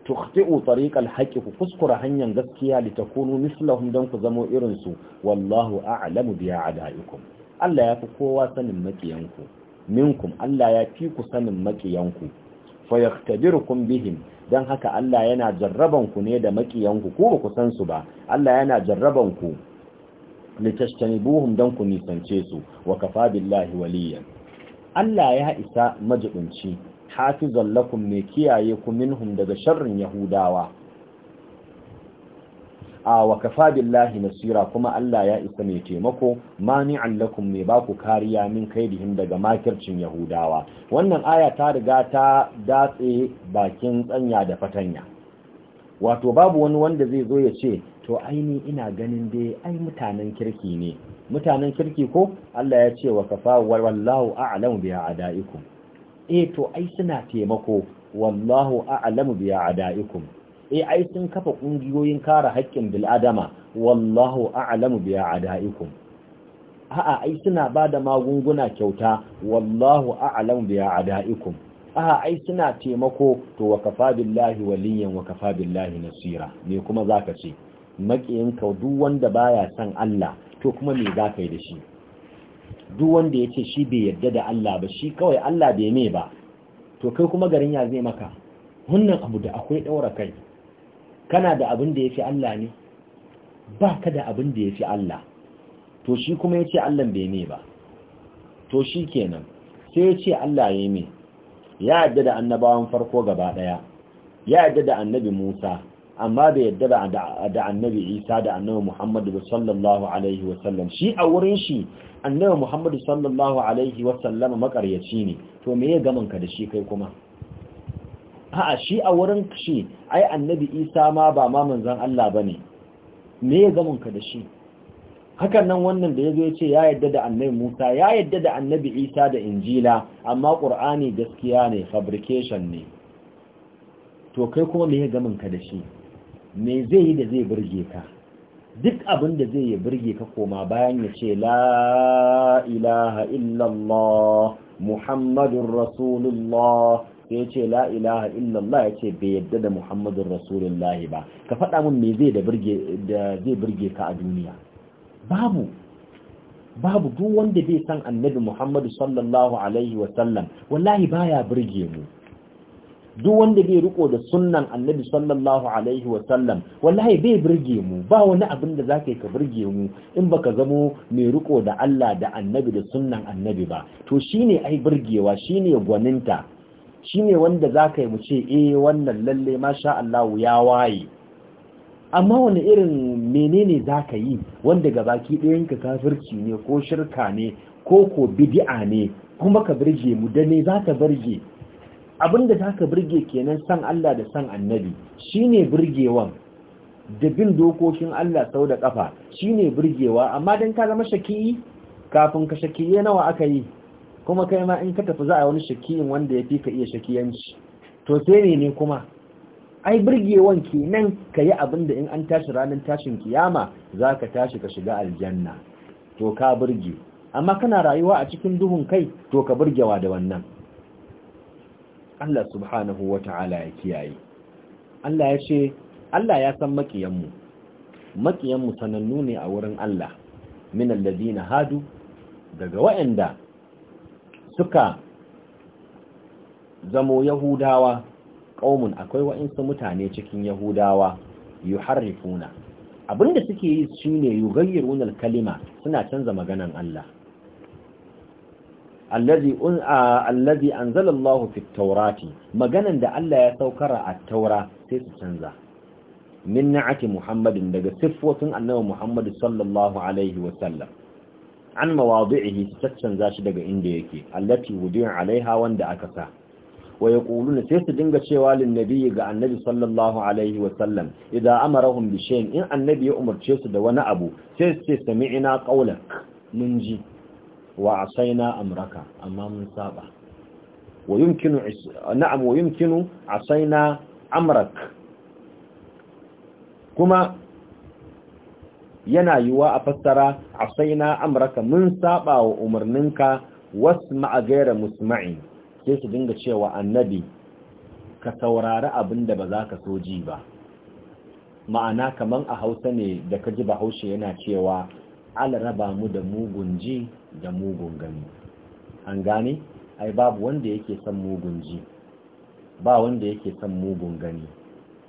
tukhti'u tariqal haqqi ku kuskura hanyar gaskiya litakunu mislahum dan ku zamo irin su wallahu a'lamu bi a'daikum Allah ya fi kowa sanin makiyanku minkum Allah ya fi ku sanin makiyanku fayaktabirukum bihim don haka Allah yana jarraban ku ne da ku ko ku san su ba Allah yana jarraban ku litastanibuhum dan ku nisance su wa kafa billahi waliyan Allah ya isa majibinci hafizallakum lakum ne kiyaye ku minhum daga sharrin yahudawa a wa kafa billahi nasira kuma Allah ya isa mai taimako mani lakum mai baku kariya min kaidihim daga makircin yahudawa wannan aya ta riga ta datse bakin tsanya da fatanya wato babu wani wanda zai zo ya ce to aini ina ganin dai ai mutanen kirki ne mutanen kirki ko Allah ya ce wa kafa wallahu a'lamu bi a'daikum eh to ai suna taimako wallahu a'lamu bi a'daikum eh ai sun kafa kungiyoyin kare haƙƙin bil'adama wallahu a'lamu bi a'daikum a'a ai suna bada magunguna kyauta wallahu a'lamu bi a'daikum a'a ai suna taimako to wa kafa billahi waliyan wa billahi nasira me kuma zaka ce makiyin ka duk wanda baya son Allah to kuma me zaka yi da shi duk wanda yace shi bai yarda da Allah ba shi kawai Allah bai me ba to kai kuma garin ya zai maka wannan abu da akwai daura kai kana da abin da ya fi Allah ne ba ka da abin da ya fi Allah to shi kuma ya ce Allah bai ne ba to shi kenan sai ya ce Allah ya ne ya yadda da annabawan farko gaba ɗaya ya yadda da annabi Musa amma bai yadda da annabi Isa da annabi Muhammad sallallahu alaihi wasallam shi a wurin shi annabi Muhammad sallallahu alaihi wasallam makaryaci ne to me ya gamanka da shi kai kuma a'a shi a wurin shi ai annabi isa ma ba ma manzan Allah ba ne me ya ka da shi hakan nan wannan da ya zo ya ce ya yadda da annabi musa ya yadda da annabi isa da injila amma ƙur'ani gaskiya ne fabrication ne to kai kuma me ya ka da shi me zai yi da zai burge ka duk abin da zai yi burge ka koma bayan ya ce la ilaha illallah muhammadun rasulullah ya ce la ilaha illallah ya ce bai yadda da muhammadun rasulullahi ba ka faɗa mun me zai da birge ka a duniya babu babu duk wanda bai san annabi muhammadu sallallahu alaihi wasallam wallahi baya birge mu duk wanda bai riko da sunnan annabi sallallahu alaihi wasallam wallahi bai birge mu ba wani abin da zaka ka birge mu in baka zamo mai riko da Allah da annabi da sunnan annabi ba to shine ai birgewa shine gwaninta Shi ne wanda za ka yi mu ce eh wannan lalle masha Allah ya waye amma wani irin menene za ka yi wanda gabaki ɗayan ka kafirci ne ko shirka ne ko ko bid'a ne kuma ka birge mu da ne ka birge abinda ka birge kenan san Allah da san Annabi shi ne birgewan da bin dokokin Allah sau da kafa ne birgewa amma dan ka zama shaki kafin ka shakiye nawa aka yi kuma kai ma in ka tafi za a wani shakiyin wanda ya fi ka iya shakiyanci to sai ne ne kuma ai birgewan kenan ka yi abin da in an tashi ranar tashin kiyama za ka tashi ka shiga aljanna to ka birge amma kana rayuwa a cikin duhun kai to ka birgewa da wannan Allah subhanahu wa ta'ala ya kiyaye Allah ya ce Allah ya san makiyanmu makiyanmu sanannu ne a wurin Allah min alladhina hadu daga waɗanda suka zamo yahudawa ƙaumun akwai wa'insu mutane cikin yahudawa yuharrifuna abinda suke yi shine gayyar wunar kalima suna canza maganan Allah allazi an zalallahu fi taurati maganan da Allah ya saukara a taura sai su canza min ake Muhammadin daga siffofin Annabi Muhammad sallallahu alaihi wasallam an mawadi'ihi caccanza shi daga inda yake allati wudi'an alaiha wanda aka sa wa yaquluna sai su dinga cewa lin nabiyyi ga annabi sallallahu alaihi wa sallam idan amarahum bi shay'in in annabi ya umarce su da wani abu sai su ce sami'ina qawlak mun ji wa asaina amraka amma mun saba wa yumkinu na'am wa yumkinu asaina amrak kuma yana yiwa a fassara a sai na amurka mun saba wa umarninka wasu ghayra musma'in sai su dinga cewa annabi ka saurari abin da ba za ka so ji ba ma'ana kamar a hausa ne da ka ji bahaushe yana cewa alaraba mu da mugun ji da mugun gani an gane ai babu wanda yake son mugun ji ba wanda yake son mugun gani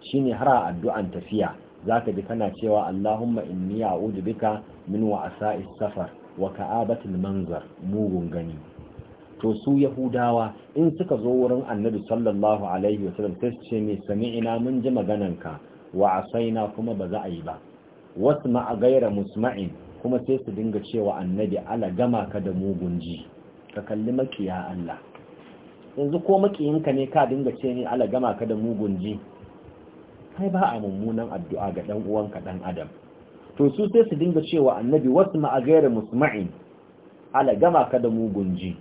shine har a addu'an tafiya zaka ji kana cewa Allahumma inni a'udhu bika min wa'asa safar wa ka'abatul manzar mugun gani to su yahudawa in suka zo wurin annabi sallallahu alaihi wasallam sai su ce me sami'ina mun ji magananka wa asaina kuma ba za a yi ba wasma a gaira musma'in kuma sai su dinga cewa annabi ala gama ka da mugun ji ka kalli makiya Allah yanzu ko makiyinka ne ka dinga ce ni ala gama ka da mugun ji ai ba a mummunan addu'a ga ɗan uwanka dan adam to su sai su dinga cewa annabi wasu ma'agairu musma'in ala gama ka da mugun ji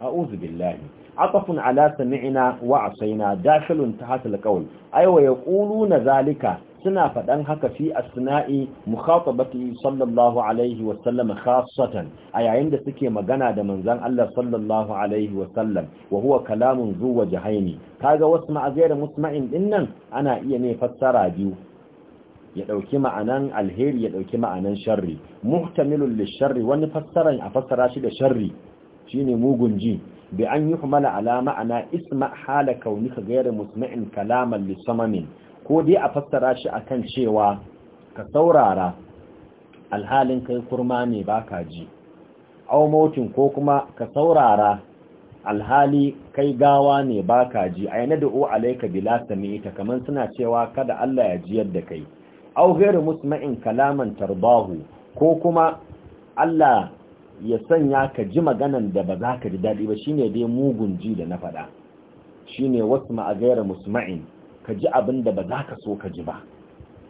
uzu billahi aqafun ala sami'ina wa asaina dashilun tahtal kawai ay wa na zalika suna faɗan haka fi asna'i mukhatabati sallallahu alaihi wa sallam khassatan a yayin da suke magana da manzon Allah sallallahu alaihi wa sallam wa huwa kalamun zu wajhaini kaga wasu ma'azira musma'in dinnan ana iya ne fassara biyu ya ɗauki ma'anan alheri ya ɗauki ma'anan sharri muhtamilul lisharri wani fassaran a fassara shi da sharri shine mugun ji bi an yuhmala ala ma'ana isma hala kaunika ghayr musmi'in kalaman lisamamin ko dai a fassara shi akan cewa ka saurara alhalin kai kurma ne baka ji au motin ko kuma ka saurara alhali kai gawa ne baka ji ai na da'u alayka bila sami'ita kaman suna cewa kada Allah ya ji yadda kai au ghairu musma'in kalaman tarbahu ko kuma Allah ya sanya ka ji maganan da ba za ka ji daɗi ba shine dai mugun ji da na faɗa shine wasma'a a musma'in ka ji abin da ba za ka so ka ji ba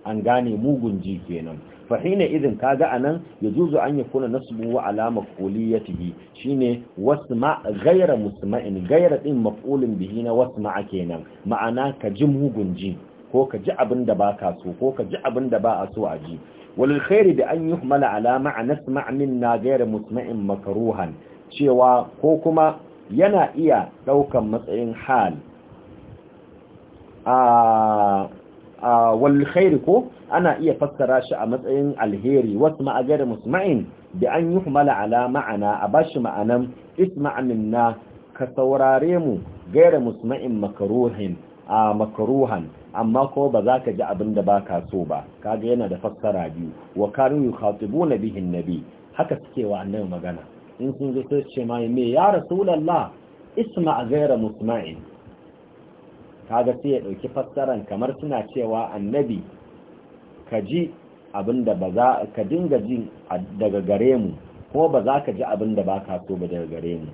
an gane mugun ji kenan fahina idin ga anan ya zuzu an ya kuna nasbu wa alama kuliyatihi shine wasma ghayra musma'in gaira ɗin maf'ulin bihi na wasma kenan ma'ana ka ji mugun ji ko ka ji abin da baka so ko ka ji abin da ba a so a ji walil khairi da an yuhmala ala ma'ana gaira na ghayra musma'in makruhan cewa ko kuma yana iya ɗaukan matsayin hal a wal ko ana iya fassara shi a matsayin alheri wasu ma'ajar musma'in da an yi humala ala ma'ana a bashi ma'anan isma'a minna ka saurare mu gaira musma'in makaruhin a makaruhan amma ko ba za ka ji abin da ba ka so ba kaga yana da fassara biyu wa kanu na bihin nabi haka suke wa annan magana in sun zo sai ce mai me ya lalla isma' gaira musma'in kaga sai ya ɗauki fassaran kamar suna cewa annabi ka ji ba za ka dinga jin daga gare mu ko ba za ka ji abin da ba ka so ba daga gare mu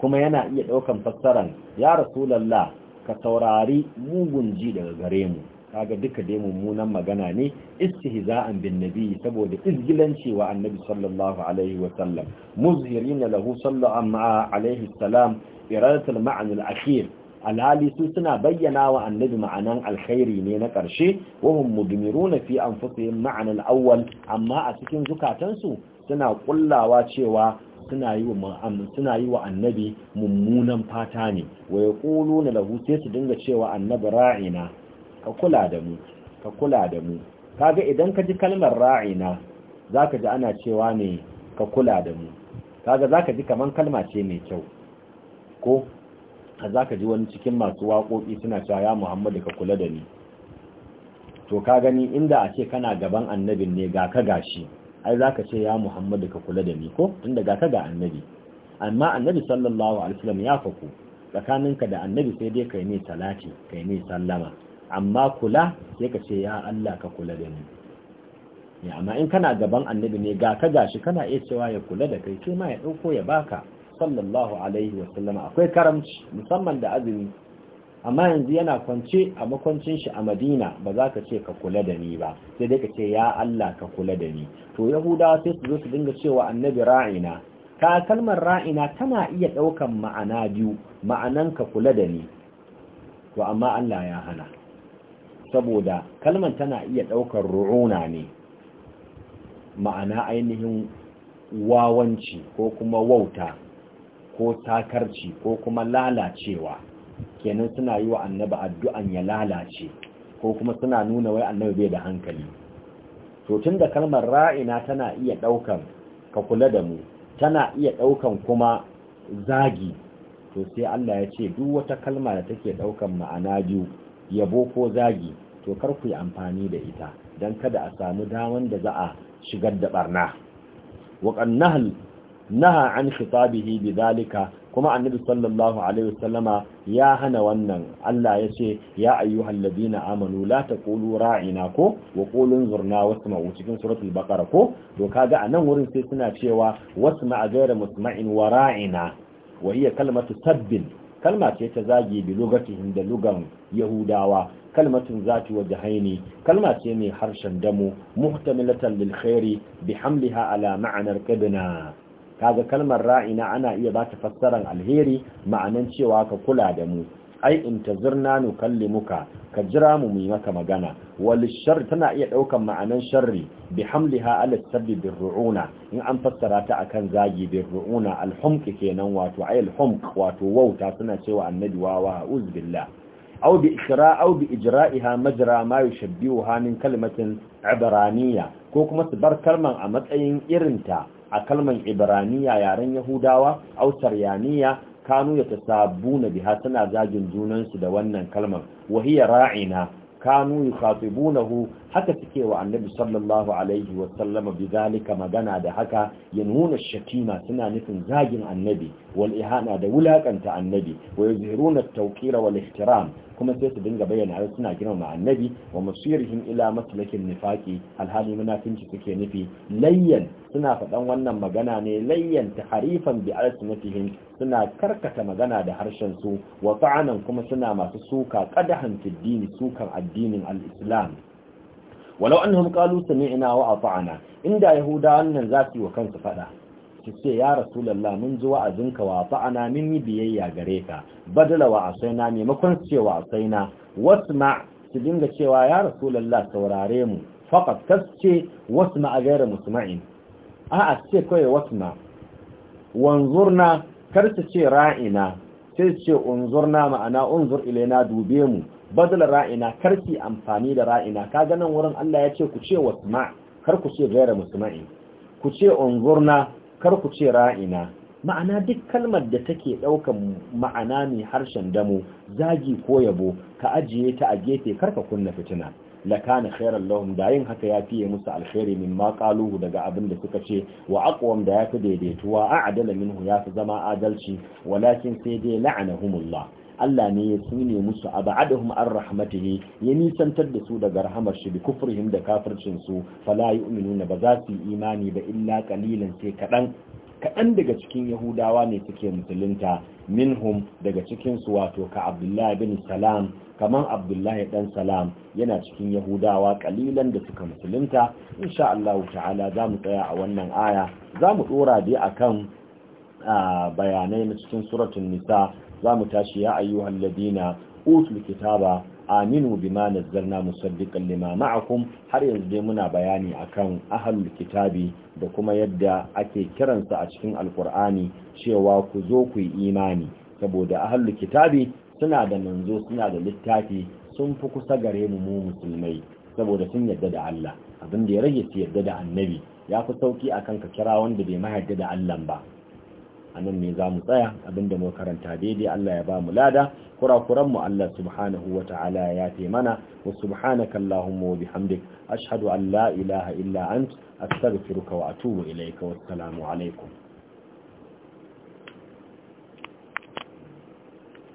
kuma yana iya ɗaukan fassaran ya rasulallah ka saurari mugun ji daga gare mu kaga duka dai mummunan magana ne istihza'an bin nabi saboda izgilanci wa annabi sallallahu alaihi wa sallam muzhirina lahu sallallahu alaihi salam iradatul akhir alhali su suna bayyana wa annabi ma'anan alkhairi ne na ƙarshe wahum mudmiruna fi anfusihim ma'anan awwal amma a cikin zukatansu suna kullawa cewa suna yi wa annabi mummunan fata ne wa yaquluna lahu sai su dinga cewa annabi ra'ina ka kula da mu ka kula da mu kaga idan ka ji kalmar ra'ina zaka ji ana cewa ne ka kula da mu kaga zaka ji kaman kalma ce mai kyau ko A za ka ji wani cikin masu waƙoƙi suna cewa ya muhammadu ka kula da ni to ka gani inda a ce kana gaban annabin ne ga ka gashi ai za ka ce ya muhammadu ka kula da ni ko tunda ga ka ga annabi amma annabi sallallahu alaihi wasallam ya faku tsakaninka da annabi sai dai kai ne salati kai ne sallama amma kula sai ka ce ya Allah ka kula da ni amma in kana gaban annabi ne ga ka gashi kana iya cewa ya kula da kai sai ma ya dauko ya baka sallallahu alaihi wasallama akwai karamci musamman da azumi amma yanzu yana kwance a makwancin shi a madina ba za ka ce ka kula da ni ba sai dai ka ce ya Allah ka kula da ni to yahudawa sai su zo su dinga cewa annabi ra'ina ka kalmar ra'ina tana iya daukan ma'ana biyu ma'anan ka kula da ni to amma Allah ya hana saboda kalmar tana iya ɗaukar ru'una ne ma'ana ainihin wawanci ko kuma wauta ko takarci ko kuma lalacewa kenan suna yi wa annabi addu'an ya lalace ko kuma suna nuna wai annabi bai da hankali to da kalmar ra'ina tana iya daukan ka kula da mu tana iya ɗaukan kuma zagi to sai Allah ya ce duk wata kalma da take ɗaukan ma'ana biyu yabo ko zagi to kar ku yi amfani da ita dan kada a samu damar da za a shigar da ɓarna. wa naha an bi dalika kuma annabi sallallahu alaihi wasallama ya hana wannan Allah ya ce ya ayyuhal ladina amanu la taqulu ra'ina ko wa qulu zurna wasma'u cikin suratul baqara ko to kaga anan wurin sai suna cewa wasma'a ghayra musma'in wa ra'ina wa hiya kalmatu sabbin kalma ce ta zagi bi lugatihim da lugan yahudawa kalmatun zati wa jahaini kalma ce mai harshen damo muhtamilatan lil khairi bi hamliha ala ma'anar qadna kaga kalmar ra'ina ana iya ba ta fassaran alheri ma'anan cewa ka kula da mu ai intazirna kallimuka ka jira mu mu yi maka magana wal sharri tana iya daukan ma'anan sharri bi hamliha ala sabbi bir ru'una in an fassara ta akan zagi bir ru'una kenan wato ai al wato wauta suna cewa annabi wa wa uz billah aw bi ikra aw bi ijra'iha majra ma yushabbihuha min kalimatin ibraniyya ko kuma su bar kalman a matsayin irinta a kalman ibraniya yaren yahudawa autar yaniya kanu ya na biha suna zagin junansu da wannan kalman wahiya ra'ina kanu yukhatibunahu haka suke wa annabi sallallahu alaihi wa sallama bizalika magana da haka ya nuna shatima suna nufin zagin annabi wal ihana da wulakanta annabi wa yuzhiruna at-tawqira wal ihtiram kuma sai su dinga bayyana har suna girmama annabi wa masirihim ila maslakin nifaqi alhali munafinci suke nufi layyan suna faɗan wannan magana ne layyan taharifan bi alsinatihim suna karkata magana da harshen su wa ta'anan kuma suna masu suka qadahan fi dini sukan addinin al-islam walau annahum ne ina wa ata'na inda yahuda wannan za su yi wa kansu fada su ce ya lalla. mun ji wa'azinka wa fa'ana min yi biyayya gare ka badala wa asaina maimakon su ce wa Wasu ma su dinga cewa ya rasulullah saurare mu ce wasu ma a gaira musma'in a'a ce kawai ma. wanzurna kar su ce ra'ina sai ce unzurna ma'ana unzur ilaina dube mu badal ra'ina karki amfani da ra'ina kaga nan wurin Allah ya ce ku ce wasma kar ku ce gaira musma'i ku ce unzurna kar ku ce ra'ina ma'ana duk kalmar da take daukan ma'ana ne harshen damo zagi ko yabo ka ajiye ta a gefe kar ka kunna fitina lakana khairan lahum da yin haka ya fiye musu alkhairi min ma daga abin da suka ce wa aqwam da ya fi daidaituwa a adala minhu ya fi zama adalci walakin sai dai la'anahumullah Allah ne ya sune musu abadahum an rahmatihi ya nisantar da su daga rahamar shi bi kufrihim da kafircin su fala yu'minuna ba za su yi imani ba illa qalilan sai kadan kaɗan daga cikin yahudawa ne suke musulunta minhum daga cikinsu wato ka abdullahi bin salam kaman abdullahi dan salam yana cikin yahudawa kalilan da suka musulunta insha Allah ta'ala za mu tsaya a wannan aya za mu dora dai akan bayanai na cikin suratun nisa za mu tashi ya ayyuhal ladina utul kitaba aminu bima nazzalna musaddiqan lima ma'akum har yanzu dai muna bayani akan ahlul kitabi da kuma yadda ake kiransa a cikin alqur'ani cewa ku zo ku yi imani saboda ahlul kitabi suna da manzo suna da littafi sun fi kusa gare mu mu musulmai saboda sun yarda da Allah abin da ya rage su yarda da annabi ya fi sauki akan ka kira wanda bai ma yarda da Allah ba a nan ne za mu tsaya abin da muka karanta daidai Allah ya ba mu lada kurakuran mu Allah subhanahu wa ta'ala ya fi mana wa subhanaka allahumma wa bihamdik ashhadu an la ilaha illa ant astaghfiruka wa atubu ilayka wassalamu alaikum